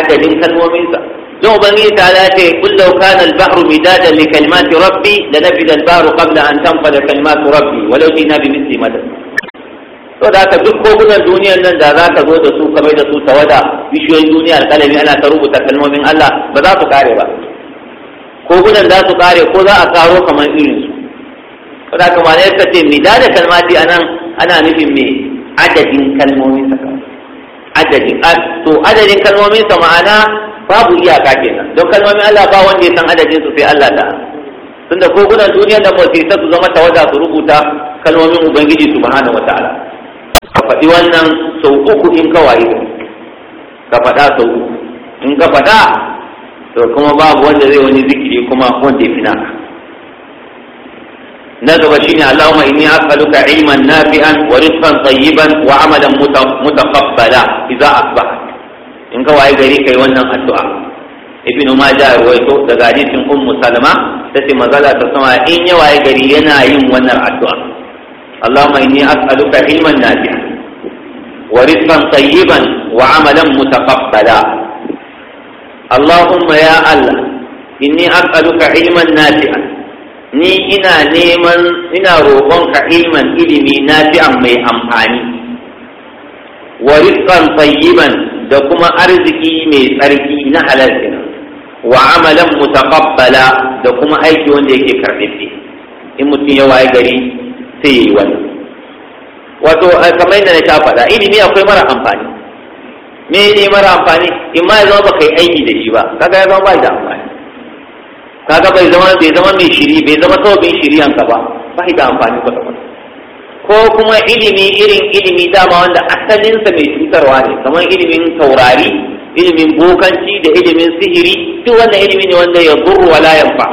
A: adadin kalmominsa don ubangiji ta lafe kullau kana al-bahru midadan li kalimati rabbi lanafida al-bahru qabla an tanfada kalimatu rabbi walau jina bi misli madad to da ka duk kogunan duniyar nan da za ka zo da su kamar da su tawada bishiyoyin duniya alƙalami ana ta rubuta kalmomin Allah ba za su kare ba kogunan za su kare ko za a karo kamar irin su to da kamar yadda ce da kalmati anan ana nufin me adadin kalmomin sa adadin to adadin kalmomin sa ma'ana babu iyaka kenan don kalmomin Allah ba wanda ya san adadin su sai Allah ta tunda kogunan duniyar da ba ta su zama tawada su rubuta kalmomin ubangiji subhanahu wataala ka faɗi wannan sau uku in ka wayi ka faɗa sau uku in ka faɗa to kuma babu wanda zai wani zikiri kuma wanda ya fi naka na gaba shine Allahumma inni as'aluka ilman nafi'an wa rizqan tayyiban wa amalan mutaqabbala idza asbah in ka waye gari kai wannan addu'a ibnu majah ruwaito daga hadisin ummu salama tace mazala ta sama in ya gari yana yin wannan addu'a اللهم إني أسألك علما نافعا ورزقا طيبا وعملا متقبلا اللهم يا الله إني أسألك علما نافعا ni ina neman ina roƙonka ilman ilimi nafi'an mai amfani wa rizqan tayyiban da kuma arziki mai tsarki na halal wa amalan mutaqabbala da kuma aiki wanda yake karɓe in mutum ya waye gari sai ya yi wannan wato eh, kamar yadda na ta faɗa ilimi akwai mara amfani me ne mara amfani in ma ya zama baka yi aiki da shi ba kaga ya zama ba da amfani kaga bai zama bai zama mai shiri bai zama sababin shiriyanka ba ba da amfani ba ko kuma ilimi irin ilimi dama wanda asalinsa mai cutarwa ne kamar ilimin taurari ilimin bokanci da ilimin sihiri duk wannan ilimi ne wanda ya zurru wala yanfa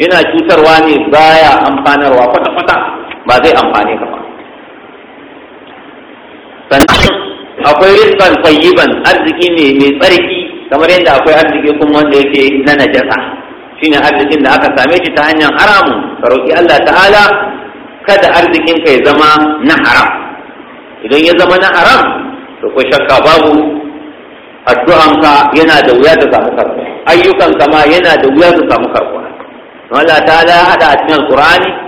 A: yana cutarwa ne baya amfanarwa kwata-kwata ba zai amfani ka ba sannan akwai rizqan tayyiban arziki ne mai tsarki kamar yadda akwai arziki kuma wanda yake na najasa shine arzikin da aka same shi ta hanyar haramu ka roƙi Allah ta'ala kada arzikin ka ya zama na haram idan ya zama na haram to ko shakka babu addu'anka yana da wuya ta samu karbuwa Ayyukan ma yana da wuya ta samu karbuwa Allah ta'ala hada a cikin alqur'ani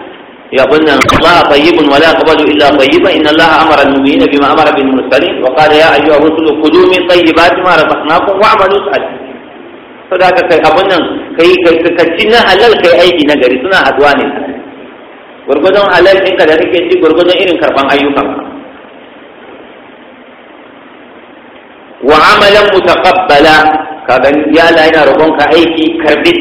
A: يقولنا الله طيب ولا يقبل إلا طيبا إن الله أمر المؤمنين بما أمر به المرسلين وقال يا أيها الرسل كلوا من طيبات ما رزقناكم واعملوا صالحا فذاك كي أبنا كي كي كتشنا حلال كي أيدي نجري سنا أدوان gurgudun halal ɗinka da kake ci gurgudun irin karɓan ayyukan wa amalan mutaqabbala ka gani ya la yana roƙon ka aiki karbi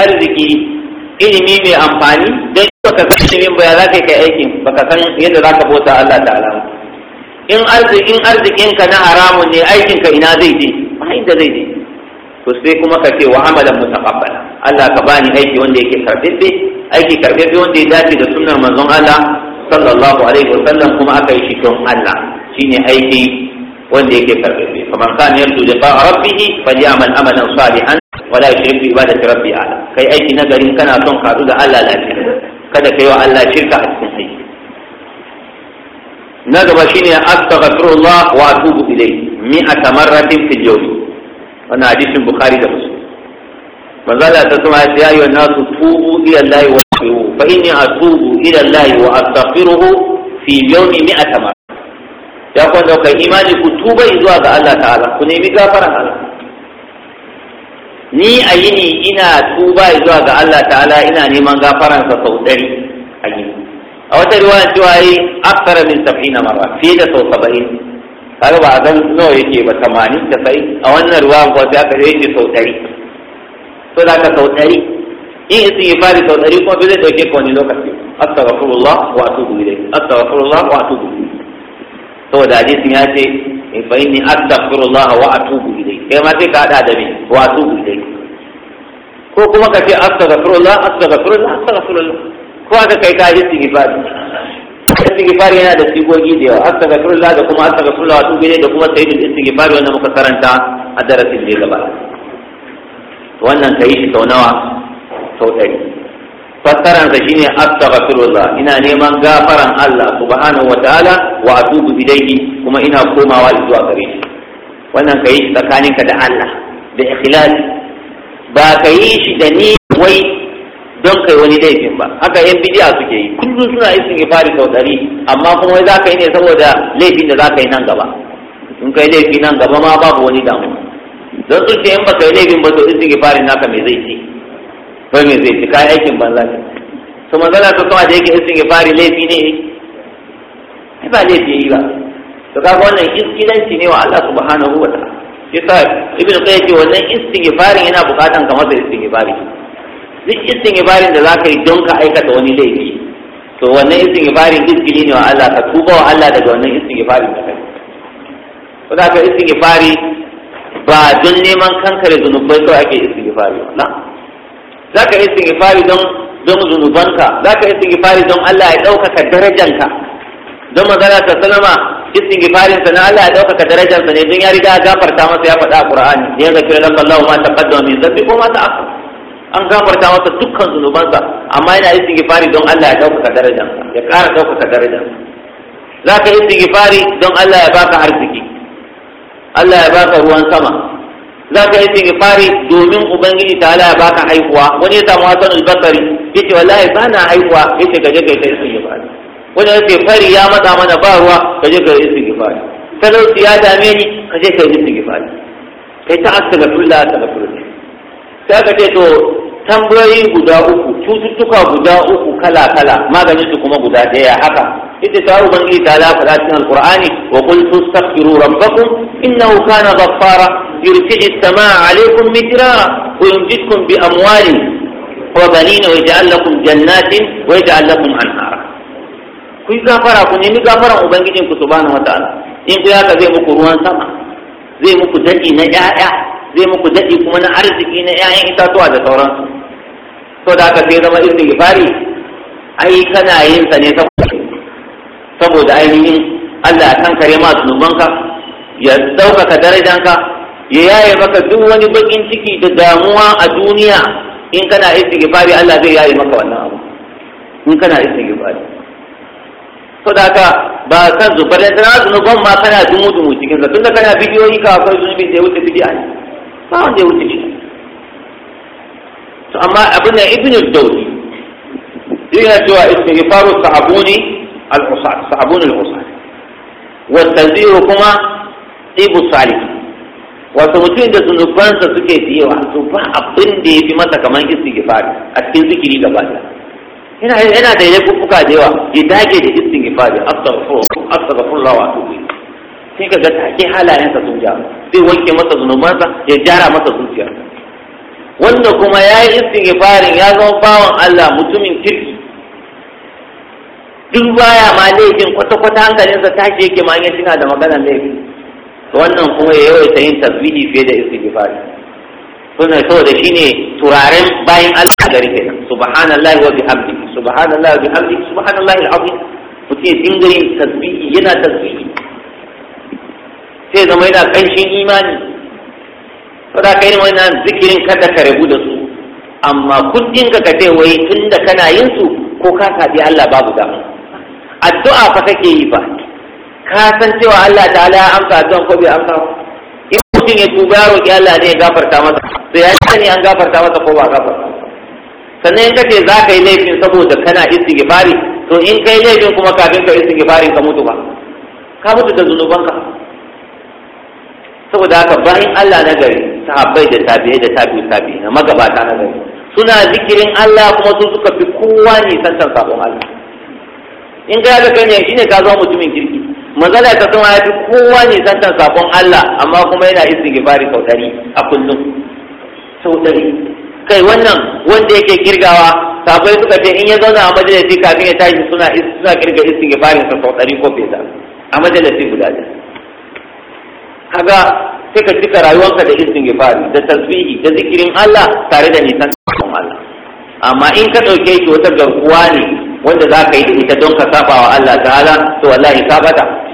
A: arziki ilimi mai amfani don ka baka san ilimin ba za ka kai aikin baka san yadda za ka bauta Allah ta alamu in arzikin arzikinka na haramun ne aikinka ina zai je ba inda zai je to sai kuma ka ce wa amalan mutaqabbala Allah ka bani aiki wanda yake karfaffe aiki karfaffe wanda ya dace da sunnar manzon Allah sallallahu alaihi wasallam kuma aka yi shi don Allah shine aiki wanda yake karfaffe faman kana yarju liqa rabbih amal amalan salihan wala shirin bi ibadati rabbi ala kai aiki na garin kana son ka da Allah lafiya kada kai wa Allah shirka a cikin aiki na gaba shine astaghfirullah wa atubu ilayhi mi'ata marratin fil yawm wannan hadisin bukhari da muslim manzo Allah ta sama ya ayyuhan nasu tubu ila Allah wa tubu fa inni atubu ila Allah wa astaghfiruhu fi yawmi mi'a marra ya kwanda kai imani ku tuba zuwa ga Allah ta'ala ku nemi gafara Allah ni a yini ina tuba zuwa ga Allah ta'ala ina neman gafaransa sau ɗari a yini a wata ruwa cewa yi aksara min sab'ina mara fiye da sau saba'in kaga ba a zan nawa yake ba tamanin da sai a wannan ruwa ko sai ka yake sau ɗari to da ka sau ɗari in isi yi fari sau ɗari kuma bai zai ɗauke ka wani lokaci astaghfirullah wa atubu ilayhi astaghfirullah wa atubu ilayhi saboda hadisin ya ce Eh, fa inni astaghfirullah wa atubu ilayhi kai ma sai ka hada da me wa atubu ilayhi ko kuma ka ce astaghfirullah astaghfirullah astaghfirullah ko aka kai ka yi istighfar istighfar yana da sigogi da yawa astaghfirullah da kuma astaghfirullah wa atubu ilayhi da kuma sai sayyidul istighfar wanda muka karanta a darasin da ya gabata wannan kai shi sau nawa sau ɗari fassaransa shine astaghfirullah ina neman gafaran Allah subhanahu wataala wa atubu ilayhi kuma ina komawa zuwa gare shi wannan kai tsakaninka da Allah da ikhlas ba ka yi shi da ni wai don kai wani laifin ba haka yan bidiya suke yi kullum suna yin ifari sau ɗari amma kuma wai za yi ne saboda laifin da za yi nan gaba in kai laifi nan gaba ma babu wani damu don su ce in ba kai yi laifin ba to isin farin naka me zai ce ba me zai ci kayan aikin banza ne to manzala ta sama da yake isin ya fari laifi ne ai ba laifi yi ba to kaga wannan iskilanci ne wa Allah subhanahu wa ta'ala yasa ibn qayyim ce wannan istighfarin yana bukatan kamar da istighfari duk istighfarin da zaka yi don ka aikata wani laifi to wannan istighfarin iskili ne wa Allah ka tuba wa Allah daga wannan istighfarin da kai ko da ka istighfari ba don neman kankare zunubai kawai ake istighfari na za ka yi fari don don zunubanka za ka yi fari don Allah ya ɗaukaka darajanka don magana ta sanama istighfarin sa na Allah ya ɗaukaka darajansa ne don ya riga gafarta masa ya faɗa a Qur'ani ya zakira laka Allah ma faɗa wani zafi ko ma aka an gafarta masa dukkan zunubansa amma yana fari don Allah ya ɗaukaka darajansa ya ƙara ɗaukaka darajansa za ka yi fari don Allah ya baka arziki Allah ya baka ruwan sama za ka yi fari domin ubangiji ta ala ya baka haihuwa wani ya samu hasan albasari ya ce wallahi ba na haihuwa ya ce ka je ka yi wani ya ce fari ya matsa mana ba ruwa ka je ka yi talauci ya dame ni ka je ka yi istighfari kai ta ga astaghfirullah ta ka ce to tambayoyi guda uku cututtuka guda uku kala kala maganin su kuma guda ɗaya haka ita ta ubangiji ta ala faɗa cikin alqur'ani wa sun sakiru rabbakum Inna hukana baffara. Yurki ista ma. Alekun mitira. Kun gudkun bi a muhalli. A wani ne waje Allah kun gannatin, waje Allah kun gafara kun yi ni gafara uban gicin ku su bani wata ala. In ku yaka zai muku ruwan sama, zai muku zadi na 'ya'ya, zai muku zadi kuma na arziki na 'ya'yan itatuwa da sauran ku. Ko da aka fiye sama in sun fi kana yin sa ne saboda ainihin Allah ya san kare ma suluban ya ɗaukaka darajanka ya yaye maka duk wani bakin ciki da damuwa a duniya in kana istighfari Allah zai yaye maka wannan abu in kana istighfari to da ka ba kan zubar da ban ma kana dumu dumu cikin sa tunda kana bidiyoyi ka akwai zubi da ya wuce bidiya ne ba wanda ya wuce shi to amma abin da ibn al-dawsi yana cewa istighfaru sahabuni al-usat sahabuni al-usat wa tazir kuma tsibu salih wato mutum da zunubansa suke fiyewa to ba abin da ya fi masa kamar istighfari a cikin zikiri gaba da yana yana da yake kuka da yawa ya dage da istighfari astaghfirullah astaghfirullah wa atubu sai ka ga take halayensa sun ja sai wanke masa zunubansa ya jara masa zuciya wanda kuma ya yi istighfarin ya zama bawan Allah mutumin kirki duk baya ma laifin kwata-kwata hankalinsa ke yake ma in yana da magana laifin wannan kuma ya yawaita yin tasbihi fiye da istighfari sunan saboda shine turaren bayan Allah gari kenan subhanallahi wa bihamdi subhanallahi wa bihamdi subhanallahi alazim mutum dinga yin tasbihi yana tasbihi sai zama yana kanshin imani saboda kai mai nan zikirin kada ka rabu da su amma kullun ka kace wai tunda kana yin su ko ka sabi Allah babu damu addu'a fa kake yi ba ka san cewa Allah ta'ala ya amsa don ko bai amsa in mutum ya tuba ya roƙi Allah ne ya gafarta masa to ya sani an gafarta masa ko ba gafarta sannan in kace za ka yi laifin saboda kana istighfari to in kai laifin kuma kafin ka istighfari ka mutu ba ka mutu da zunubanka saboda haka bayan Allah na gari sahabbai da tabi'i da tabi'i tabi'i na magabata na gari suna zikirin Allah kuma su suka fi kowa ne san sabon Allah in ga ga kai ne shine ka zo mutumin kirki manzala ta sun ya fi kowa ne santan sakon Allah amma kuma yana istighfari sau ɗari a kullum sau ɗari kai wannan wanda yake kirgawa sabai suka ce in ya zauna a majalisi kafin ya tashi suna suna kirga istighfarin sa sau ɗari ko fesa a majalisi guda ɗaya kaga sai ka cika rayuwarka da istighfari da tasbihi da zikirin Allah tare da nisan sakon Allah amma in ka ɗauke shi wata garkuwa ne wanda za ka yi da ita don ka saba wa Allah ta'ala to wallahi ka bata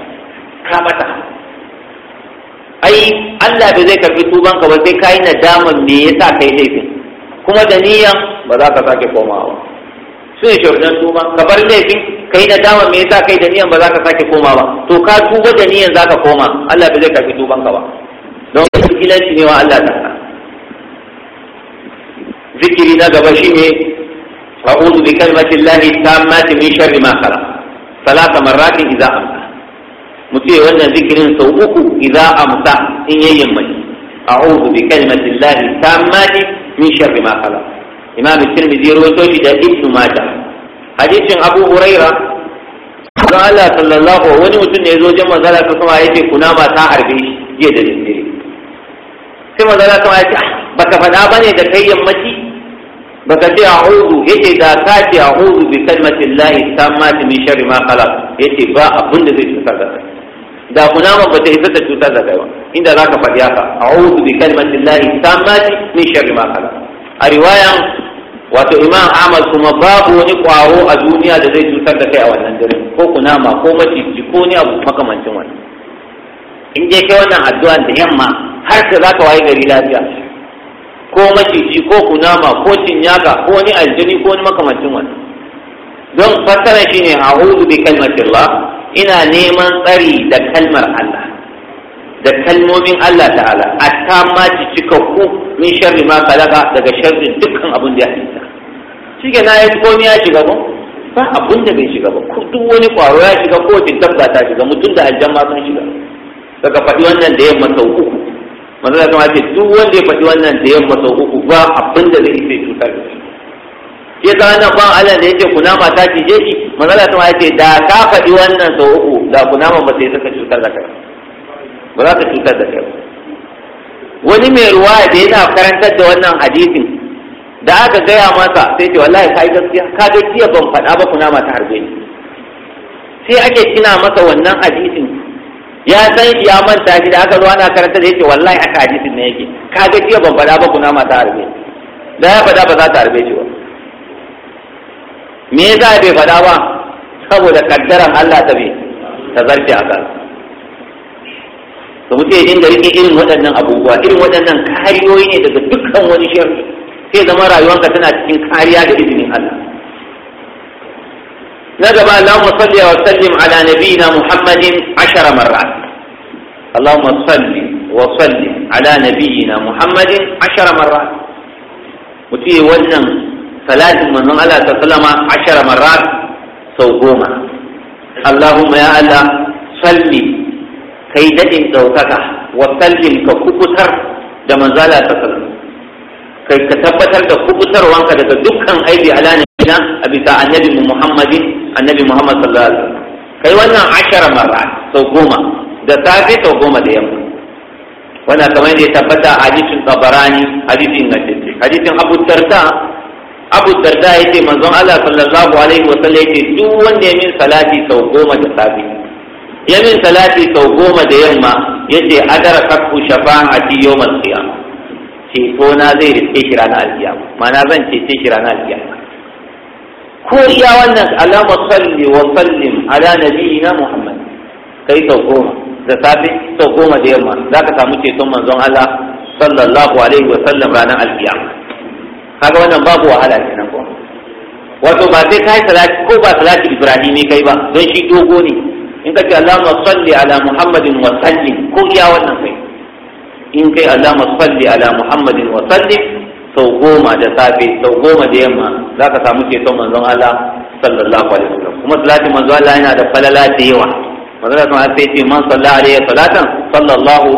A: ka mata ai Allah bai zai karbi tuban ka ba sai kai nadaman me yasa kai laifin kuma da niyya ba za ka sake komawa su ne sharuɗan tuba ka bar laifin ka yi nadama me yasa kai da niyya ba za ka sake koma ba to ka tuba da niyya za ka koma Allah bai zai karbi tuban ka ba don kilanci ne wa Allah ta zikiri na gaba shi ne a'udhu bi kalimati llahi tammati min sharri ma khala salata marratin idza amta mu ce wannan zikirin sau uku idza amsa in yayin mai a'udhu bi kalimati llahi tammati min sharri ma khala imam tirmidhi rawaito shi da ibnu majah Hadithin abu huraira da Allah sallallahu wani mutum ne zo jin manzala ta kuma yace kuna ba ta harbe shi jiya da dare sai manzala ta yace ah, baka fada bane da kai yammaci baka ce a'udhu yace da ka ce a'udhu bi kalimati llahi tammati min sharri ma khala yace ba abun da zai cutar da kai da kunaman ba ta isa ta cutar da kai ba inda za ka faɗi haka a'udhu bi kalmatin lahi tammati min sharri ma khalaq a riwayan wato imam ahmad kuma babu wani kwaro a duniya da zai cutar da kai a wannan dare ko kunama ko maciji ko ni abu makamancin wannan in je kai wannan addu'a da yamma har ka za ka waye gari lafiya ko maciji ko kunama ko yaka ko wani aljini ko wani makamancin wannan don fassara shine a'udhu bi kalmatillah ina neman tsari da kalmar Allah da kalmomin Allah ta'ala A ta ma cikakku min sharri ma khalaqa daga sharri dukkan abin da ya shi ke na yi komai ya shiga ba ba abin da bai shiga ba ko duk wani kwaro ya shiga ko tin tabba ta shiga mutum da aljan ma sun shiga daga faɗi wannan da yamma sau uku manzo da kuma ce duk wanda ya faɗi wannan da yamma sau uku ba abin da zai sai cutar da shi ya na ba Allah da yake kunama ta je ki. manzala ta ce da ka faɗi wannan sau uku da nama ba sai saka cutar da kai ba za ka cutar da kai wani mai ruwa da yana karantar da wannan hadisin da aka gaya masa sai ce wallahi ka yi gaskiya ka ga ban faɗa ba ku nama ta harbe ni sai ake kina masa wannan hadisin ya san ya manta shi da aka zo ana karanta da yake wallahi aka hadisin ne yake ka ga ban faɗa ba ku nama ta harbe da ya faɗa ba za ta harbe shi ba me za a bai faɗa ba saboda kaddaran Allah ta bai ta zarce a kan to mutu ya dinga rike irin waɗannan abubuwa irin waɗannan kariyoyi ne daga dukkan wani sharri sai zama rayuwanka tana cikin kariya da izinin Allah na gaba Allahumma salli wa sallim ala nabiyyina Muhammadin 10 marrat Allahumma salli wa sallim ala nabiyyina Muhammadin ashara marrat mutum wannan salatin manzon Allah ta salama ashara marat sau goma Allahumma ya Allah salli kai daɗin ɗaukaka wa sallim ka kubutar da manzala ta salama. kai ka tabbatar da kubutarwanka daga dukkan aibi ala nabina a bisa annabi muhammadin annabi muhammad sallallahu alaihi wasallam kai wannan ashara marat sau goma da safe sau goma da yamma wannan kamar yadda ya tabbata a hadisin tabarani hadisin ingantacce hadisin abu tarta abu darda ya ce manzon allah sallallahu alaihi wa sallam, yake duk wanda ya min salati sau goma da safi ya min salati sau goma da yamma yace adara kakku shafa'ati yawmal shi ko na zai riske shi ranar alkiyama ma'ana zan ce shi ranar alqiyam ko iya wannan alama salli wa sallim ala nabiyina muhammad kai sau goma da safi sau goma da yamma za ka samu ceton manzon allah sallallahu alaihi wa sallam ranar alqiyam kaga wannan babu wahala kenan ko wato ba sai kai salati ko ba salati ibrahimi kai ba don shi dogo ne in ka allahumma salli ala muhammadin wa sallim ko iya wannan kai in kai allahumma salli ala muhammadin wa sallim sau goma da safe sau goma da yamma za ka samu ceton manzon Allah sallallahu alaihi wasallam kuma salati manzon Allah yana da falala da yawa manzon Allah sai ce man salla alaihi salatan sallallahu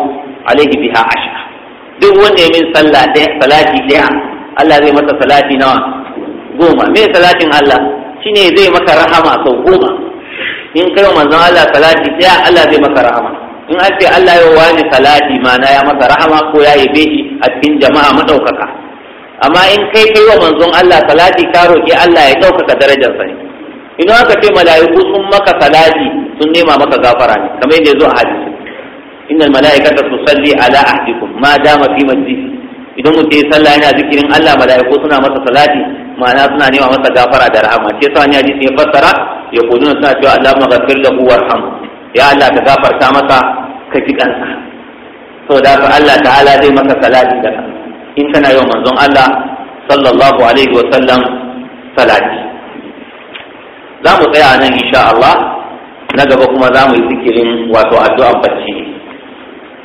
A: alaihi biha ashra duk wanda ya min sallah salati daya Allah zai masa salati nawa goma me salatin Allah shine zai maka rahama sau goma in kai wa manzon Allah salati Ya Allah zai maka rahama in an ce Allah ya wani salati mana ya masa rahama ko ya yabe shi a cikin jama'a madaukaka amma in kai kai wa manzon Allah salati ka roki Allah ya daukaka darajarsa ne idan aka ce mala'iku sun maka salati sun nema maka gafara ne kamar yadda ya zo a hadisi innal mala'ikata tusalli ala ahdikum ma dama fi majlis idan mutum ya sallah yana zikirin Allah mala'iku suna masa salati ma'ana suna nema masa gafara da rahama sai sa ne hadisi ya fassara ya kudu suna cewa Allahumma ghafir lahu warham ya Allah ka gafarta masa ka ji kansa saboda haka Allah ta'ala zai masa salati da in kana yau manzon Allah sallallahu alaihi wa sallam salati za mu tsaya nan insha Allah na gaba kuma za mu yi zikirin wato addu'ar bacci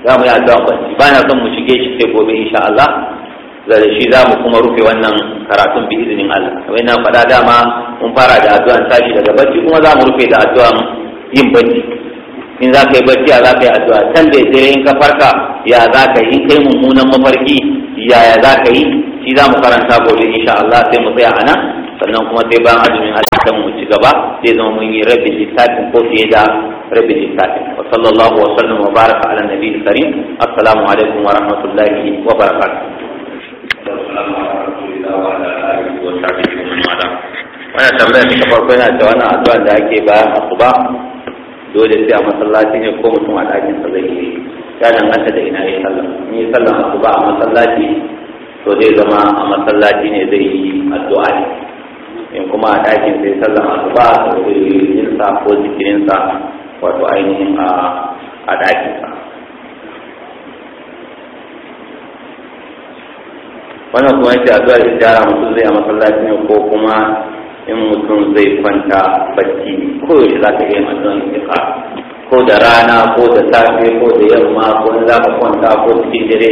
A: za mu yi addu'a kwanci ba na son mu shige shi sai gobe insha Allah da shi za mu kuma rufe wannan karatun bi izinin Allah kamar na faɗa dama mun fara da addu'an tashi daga barci. kuma za mu rufe da addu'an yin barci. in za ka yi barci a, za ka yi addu'a can da dare in ka farka ya za ka yi in kai mummunan mafarki yaya za ka yi shi za mu karanta gobe insha Allah sai mu tsaya a nan sannan kuma sai bayan azumin Allah mu ci gaba sai zama mun yi rabin littafin ko fiye da رب العزة وصلى الله وسلم وبارك على النبي الكريم السلام عليكم ورحمة الله وبركاته السلام ورحمة الله وانا ta farko yana da wannan addu'a da ake a asuba dole sai a masallaci ne ko mutum a ɗakin zai yi ya danganta da ina yi sallah in sallah asuba a masallaci to zai zama a masallaci ne zai yi addu'a ne in kuma a ɗakin sai sallah asuba to zai yi yinsa ko zikirinsa wato ainihin a ɗakinsa wannan kuma yake addu'a da gyara mutum zai a masallaci ne ko kuma in mutum zai kwanta bacci ko yaushe za ka iya addu'a istiqa ko da rana ko da safe ko da yamma ko da za ka kwanta ko cikin dare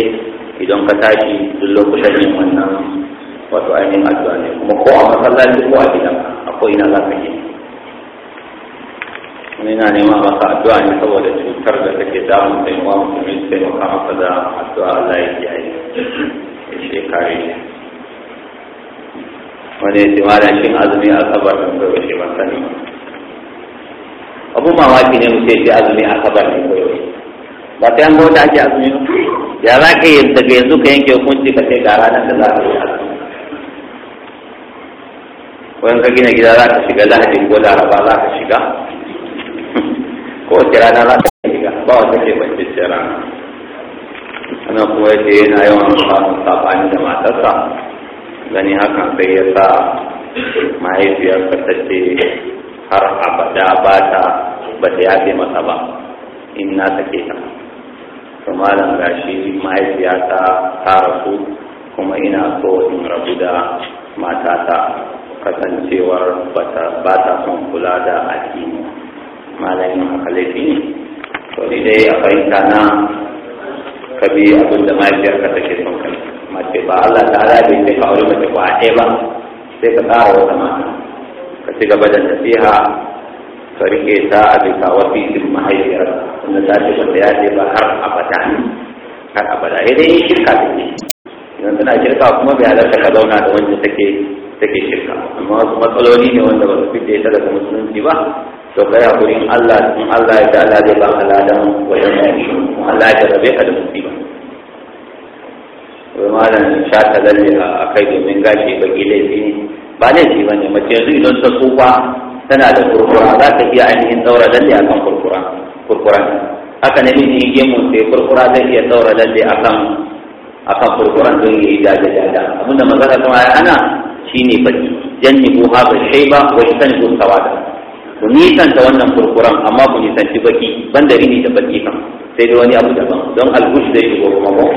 A: idan ka tashi duk lokutan yin wannan wato ainihin addu'a ne kuma ko a masallaci ko a gidan akwai ina za ka yi ina nema masa addu'a ne saboda cutar da take damun da yawa musulmi mu kama masa da addu'a Allah ya kiyaye ya shekare shi wani ya ma malam shin azumi asabar da shi ban sani abu mamaki ne mu ce azumi asabar da koyaushe ba ta yango da ake azumi ya za ka yi daga yanzu ka yanke hukunci ka kai ga ranar da za ka yi azumi wayan ka gina gida za ka shiga lahadin ko laraba za ka shiga kowace rana za ta shiga ba wata ke bacce rana ana kuwa yake yana yawan samun sabani da matarsa gani hakan sai ya sa mahaifiyarsa ta ce har abada ba ta ba ta yafe masa ba in na ta ke ta to malam gashi mahaifiyata ta rasu kuma ina so in rabu da matata kasancewar ba ta son kula da addini malamin makalifi to ni dai a fahimta na ka bi abin da mahaifiyarka take son kai mace ba Allah ta ala bai ta kawo aure mace ba ɗaya ba sai ka tsara wata mata ka ci gaba da nasiha ka rike ta a bisa wafisin mahaifiyar wanda ta ce ba ya ce ba har abada har abada ya dai shirka da ke idan tana shirka kuma bai halarta ka zauna da wanda take take shirka amma wasu matsaloli ne wanda ba su fice ta daga musulunci ba to kai gurin Allah in Allah ya ta'ala zai ba ka wa wajen ya shi Allah ya rabe ka da musiba wai malam sha ta lalle a kai domin gashi ba gile shi ba ne shi bane mace yanzu idan ta tsufa tana da kurkura za ta iya ainihin daura lalle akan kurkura kurkura haka ne miji yi mun sai kurkura zai iya daura lalle akan akan kurkuran don yayi jaje jaje abinda magana kuma ana shine baki yanni buha ba shayba wa yasan sawada ku nisanta wannan kurkuran amma ku nisanci baki ban da rini da baki kan sai dai wani abu daban don alhush da shigo kuma ko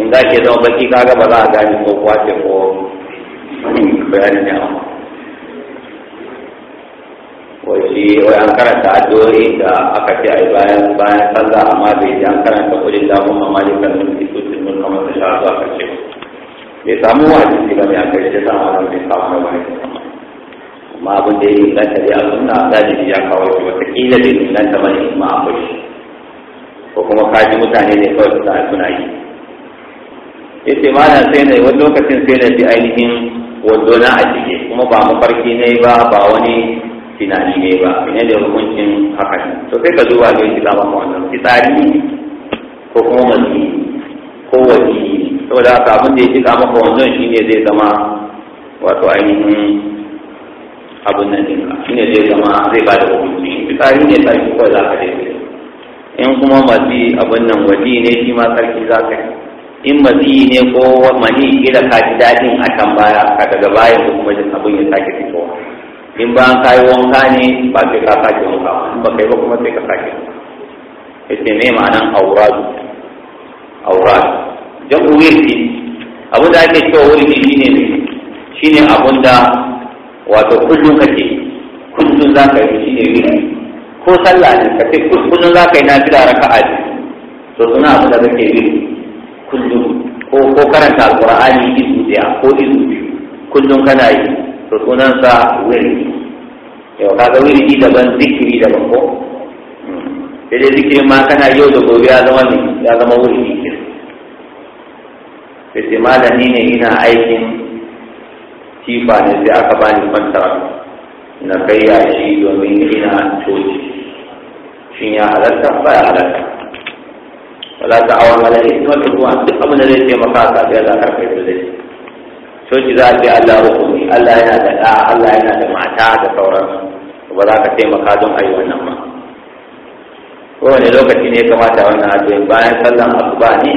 A: in za ke zama baki kaga ba za a gani ko kwace ko bayanin ne amma wai wai an karanta addu'o'i da aka ce yi bayan bayan sallah amma bai ji an karanta kullu allahumma malikal mulki tutul kamar da tashaa aka ce bai samu wajibi ba ne kai ce da samu wani bai samu wajibi amma abin da ya inganta dai a sunna galibi ya kawo shi wataƙila bai inganta ba ne ma akwai shi ko kuma kaji mutane ne kawai su sa suna yi ya ce na sai na wani lokacin sai na ji ainihin wando na a jike kuma ba mafarki ne ba ba wani tunani ne ba ne da hukuncin haka ne to sai ka duba ne shi zama wannan fitsari ko kuma mazi ko wani saboda haka abin da ya jika maka wannan shine zai zama wato ainihin abin nan ɗin shi ne zai zama zai ba da hukunci in fitsari ne yi kawai za ka daidai in kuma mazi abin nan waje ne shi ma sarki za ka yi in mazi ne ko mani gida ka ji daɗin a kan baya ka daga baya ko kuma jin abun ya sake fitowa in ba ka yi wanka ne ba sai ka sake wanka in ba kai ba kuma sai ka sake yace ne ma'anan auradu auradu jan wirdi
B: abin da ake cewa wurin
A: shi ne shine abun da wato kullum kake kullum za ka yi shi ne wuri ko sallah ne ka ce kullum za ka yi nafila a ne to suna abu da kake wuri kullum ko karanta alqur'ani izu daya ko izu biyu kullum kana yi to sunan sa wuri yau ka ga wuri daban zikiri daban ko hmm. sai dai zikirin ma kana yau da gobe ya zama ne ya zama wuri zikiri sai malami ne ina aikin tifa ne sai aka bani kwanta na kai ya shi domin ina coci shi ya halarta ba ya halarta wala ta awa malari ne ta ruwa duk abin da zai maka ka ga za ka kai da coci za a ce Allah hukumi Allah yana da da Allah yana da mata da sauransu ba za ka taimaka don a yi wannan ma kowane lokaci ne kamata wannan addu'a bayan sallan asuba ne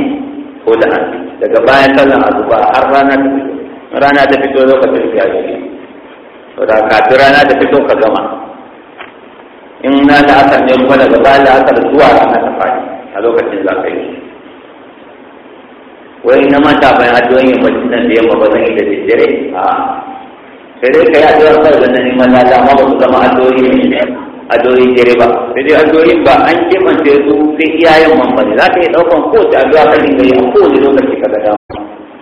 A: ko da daga bayan sallan asuba har rana ta fito rana ta fito lokacin ya shige da kafin rana ta fito ka gama in na da aka ne kuma daga ba da asar zuwa rana ta fadi a lokacin za ka yi wai na mata bai addu'an yin majalisar da yamma ba zan yi da dare a sai dai ka yi addu'ar kawai da nan neman zama amma ba su zama addu'o'i addu'o'i dare ba sai dai addu'o'in ba an kimanta su sai iyayen mamman za ka yi ɗaukan ko addu'a ka dinga yi a kowace lokaci ka ga dama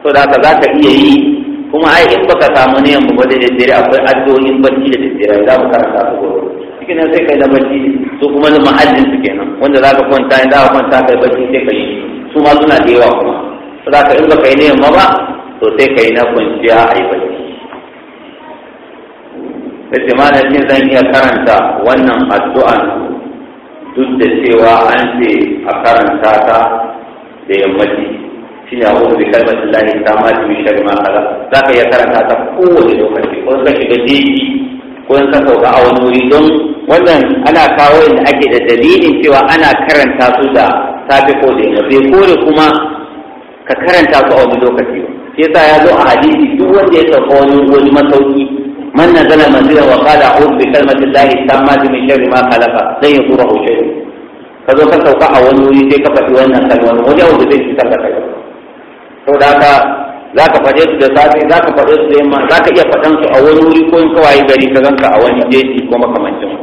A: to da haka za ka iya yi kuma ai in baka samu niyan ba da daddare akwai addu'o'in barci da daddare za mu karanta su gobe cikin nan sai kai na barci su kuma da ma'ajin su kenan wanda za ka kwanta in za ka kwanta kai barci sai ka yi su ma suna da yawa kuma za ka in baka yi niyan ma ba to sai ka yi na kwanciya a yi barci sai ma na ce zan iya karanta wannan addu'an duk da cewa an ce a karanta ta da yammaci shine a wani kalmar lahi ta ma ji shari ma kala, za ka iya karanta ta kowace lokaci ko ka shiga jeji ko ka sauka a wani wuri don wannan ana kawo yadda ake da dalilin cewa ana karanta su da safe ko da yamma bai kore kuma ka karanta su a wani lokaci ba shi yasa ya zo a hadisi duk wanda ya sauka wani wani masauki man nazala manzila wa qala a'udhu bi kalmati llahi tammati min sharri ma khalaqa lan kura shay'un ka zo ka sauka a wani wuri sai ka faɗi wannan kalmar wani abu da zai cutar da kai ko da ka za ka faɗe su da safe za ka faɗe su da yamma za ka iya faɗan su a wani wuri ko in kawai gari ka ganka a wani jeji ko makamancin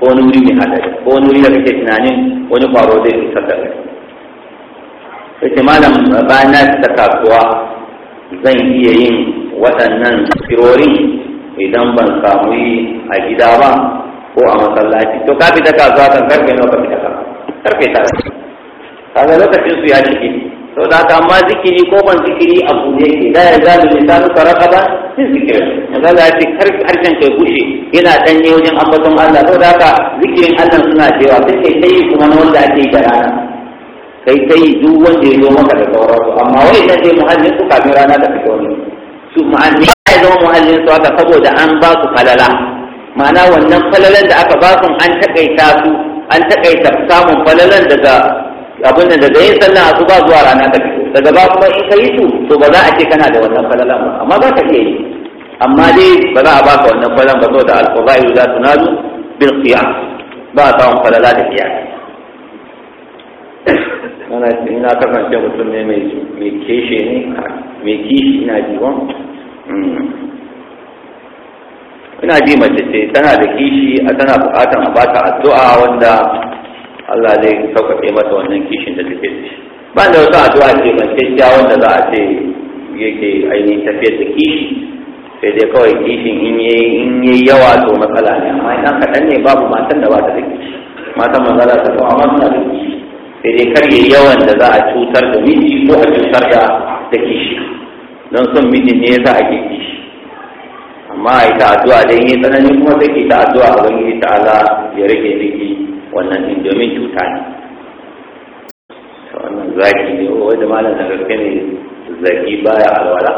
A: ko wani wuri mai hadari ko wani wuri da kake tunanin wani kwaro zai fi da gari sai malam bayan na ta kasuwa zan iya yin waɗannan firorin idan ban samu yi a gida ba ko a masallaci to ka fita kasuwa kan karfe nawa ka fita kasuwa karfe tara kaga lokacin su ya cike to da ka amma zikiri ko ban zikiri a buɗe ke da ya zalu lisanu raka ba sai zikiri manzo ya ce kar harshen kai gushe yana danye wajen ambaton Allah to da haka zikirin Allah suna cewa duk kai yi kuma na wanda ake da rana kai yi duk wanda ya zo maka da sauransu amma wai ta dai muhallin su kafin rana da fito ne su ma'anni ya zama muhallin su haka saboda an ba su falala ma'ana wannan falalan da aka ba su an taƙaita su an taƙaita samun falalan daga abin da daga yin sallah su ba zuwa rana ta fito daga ba kuma in ka su to ba za a ce kana da wannan falalan ba amma za ka iya yi amma dai ba za a baka wannan falalan ba saboda alqur'ani za su nazu bil qiyam ba a samun falala da qiyam ana ina kasance mutum ne mai keshe ne mai kishi ina jiwon hmm. ina ji mace ce tana da kishi a tana bukatan a bata addu'a wanda Allah zai sauƙaƙe mata wannan kishin da take da shi ba da wasu addu'a ce ban ta wanda za a ce yake ainihin tafiyar da kishi sai dai kawai kishin in yayi in yayi yawa to matsala ne amma idan kaɗan ne babu matan da ba ta da kishi matan matsala ta kawo amma suna da kishi sai dai kar yayi yawan da za a cutar da miji ko a cutar da da kishi don son miji ne za a ke kishi amma a yi ta addu'a da yin tsanani kuma sai ke ta addu'a a wani ta'ala ya rage miki wannan din domin cuta ne wannan zaki ne o da malam na gaske ne zaki baya alwala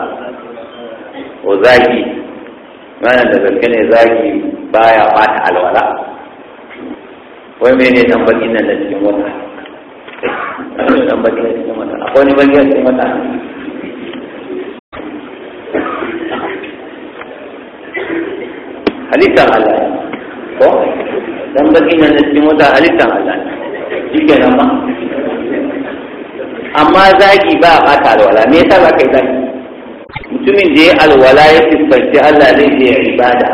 A: o zaki malam da gaske ne zaki baya bata alwala wai mene nan bakin nan da cikin wata nan bakin nan cikin wata akwai ne bakin cikin wata halittar Allah ko don baki na da cikin wata halittar Allah shi ke nan ba amma zagi ba a ɓata alwala me yasa ba kai zagi mutumin da ya alwala ya fuskanci Allah zai je ya ibada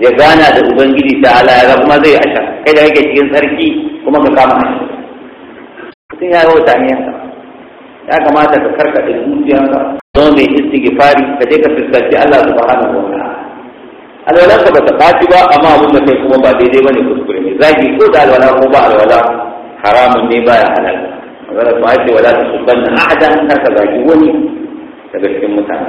A: ya gana da ubangiji ta Allah ya kuma zai asha kai da yake cikin sarki kuma ka kama shi mutum ya rawa tamiya ya kamata ka karkata zuciyarka don mai istighfari ka je ka fuskanci Allah subhanahu wa ta'ala alwala ba bata ɓaci ba amma abin da kai kuma ba daidai ba ne kuskure ne zaki ko da alwala ko ba alwala haramun ne baya halal magana su ake wala ta subbanna ahada kar ka zaki wani daga cikin mutane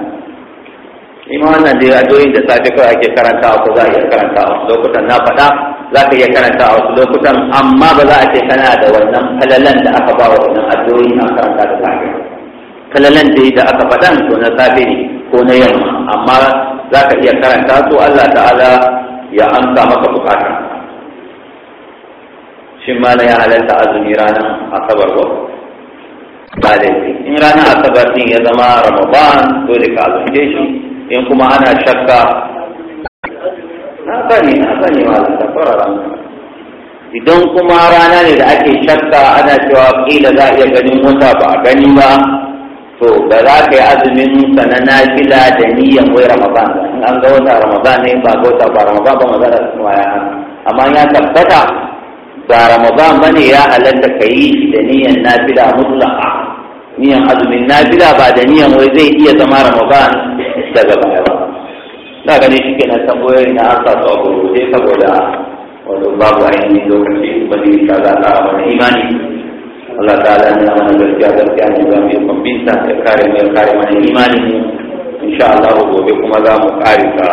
A: imma wannan da adoyin da safe kawai ake karanta ko za a iya wasu lokutan na faɗa za ka iya karanta a wasu lokutan amma ba za a ce kana da wannan halalan da aka ba wa wannan addu'o'i a karanta da safe falalan da aka faɗan to na safe ne ko na yamma amma za ka iya karanta su Allah ta'ala ya amsa maka bukata shi ma ya halatta azumi ranar asabar wa ba in ranar asabar din ya zama ramadan dole ka azumce shi in kuma ana shakka na sani na sani ma da fara idan kuma rana ne da ake shakka ana cewa kila za a iya ganin wata ba a gani ba to ba za ka yi azumin ka na nafila da niyan wai ramadan in an ga wata ramadan ne ba ga wata ba ramadan ba magana da kuma ya amma ya tabbata ba ramadan bane ya halatta ka yi shi da niyan nafila mutlaka niyan azumin nafila ba da niyan wai zai iya zama ramadan daga baya ba na gani shi kenan tambayoyi na aka su a saboda wato babu ainihin lokaci ba zai ka na wani imani Allah Ta'ala ni mana berjaya-berjaya juga mirkum kekarim kekari mirkari mana imani InsyaAllah gobe kuma za mu karisa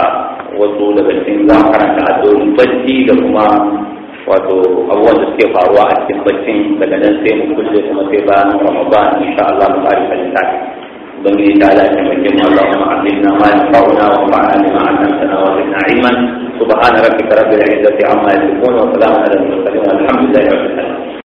A: wasu daga cikin za mu karanta addu'o'in bacci da kuma wato abubuwan da suke faruwa a cikin baccin daga nan sai mu kulle kuma sai bayan Ramadan inshaAllah mu karisa littafi بني تعالى تمكن اللهم علمنا ما ينفعنا وانفعنا بما علمتنا وزدنا علما سبحان ربك رب العزه عما يصفون وسلام على المرسلين والحمد لله رب العالمين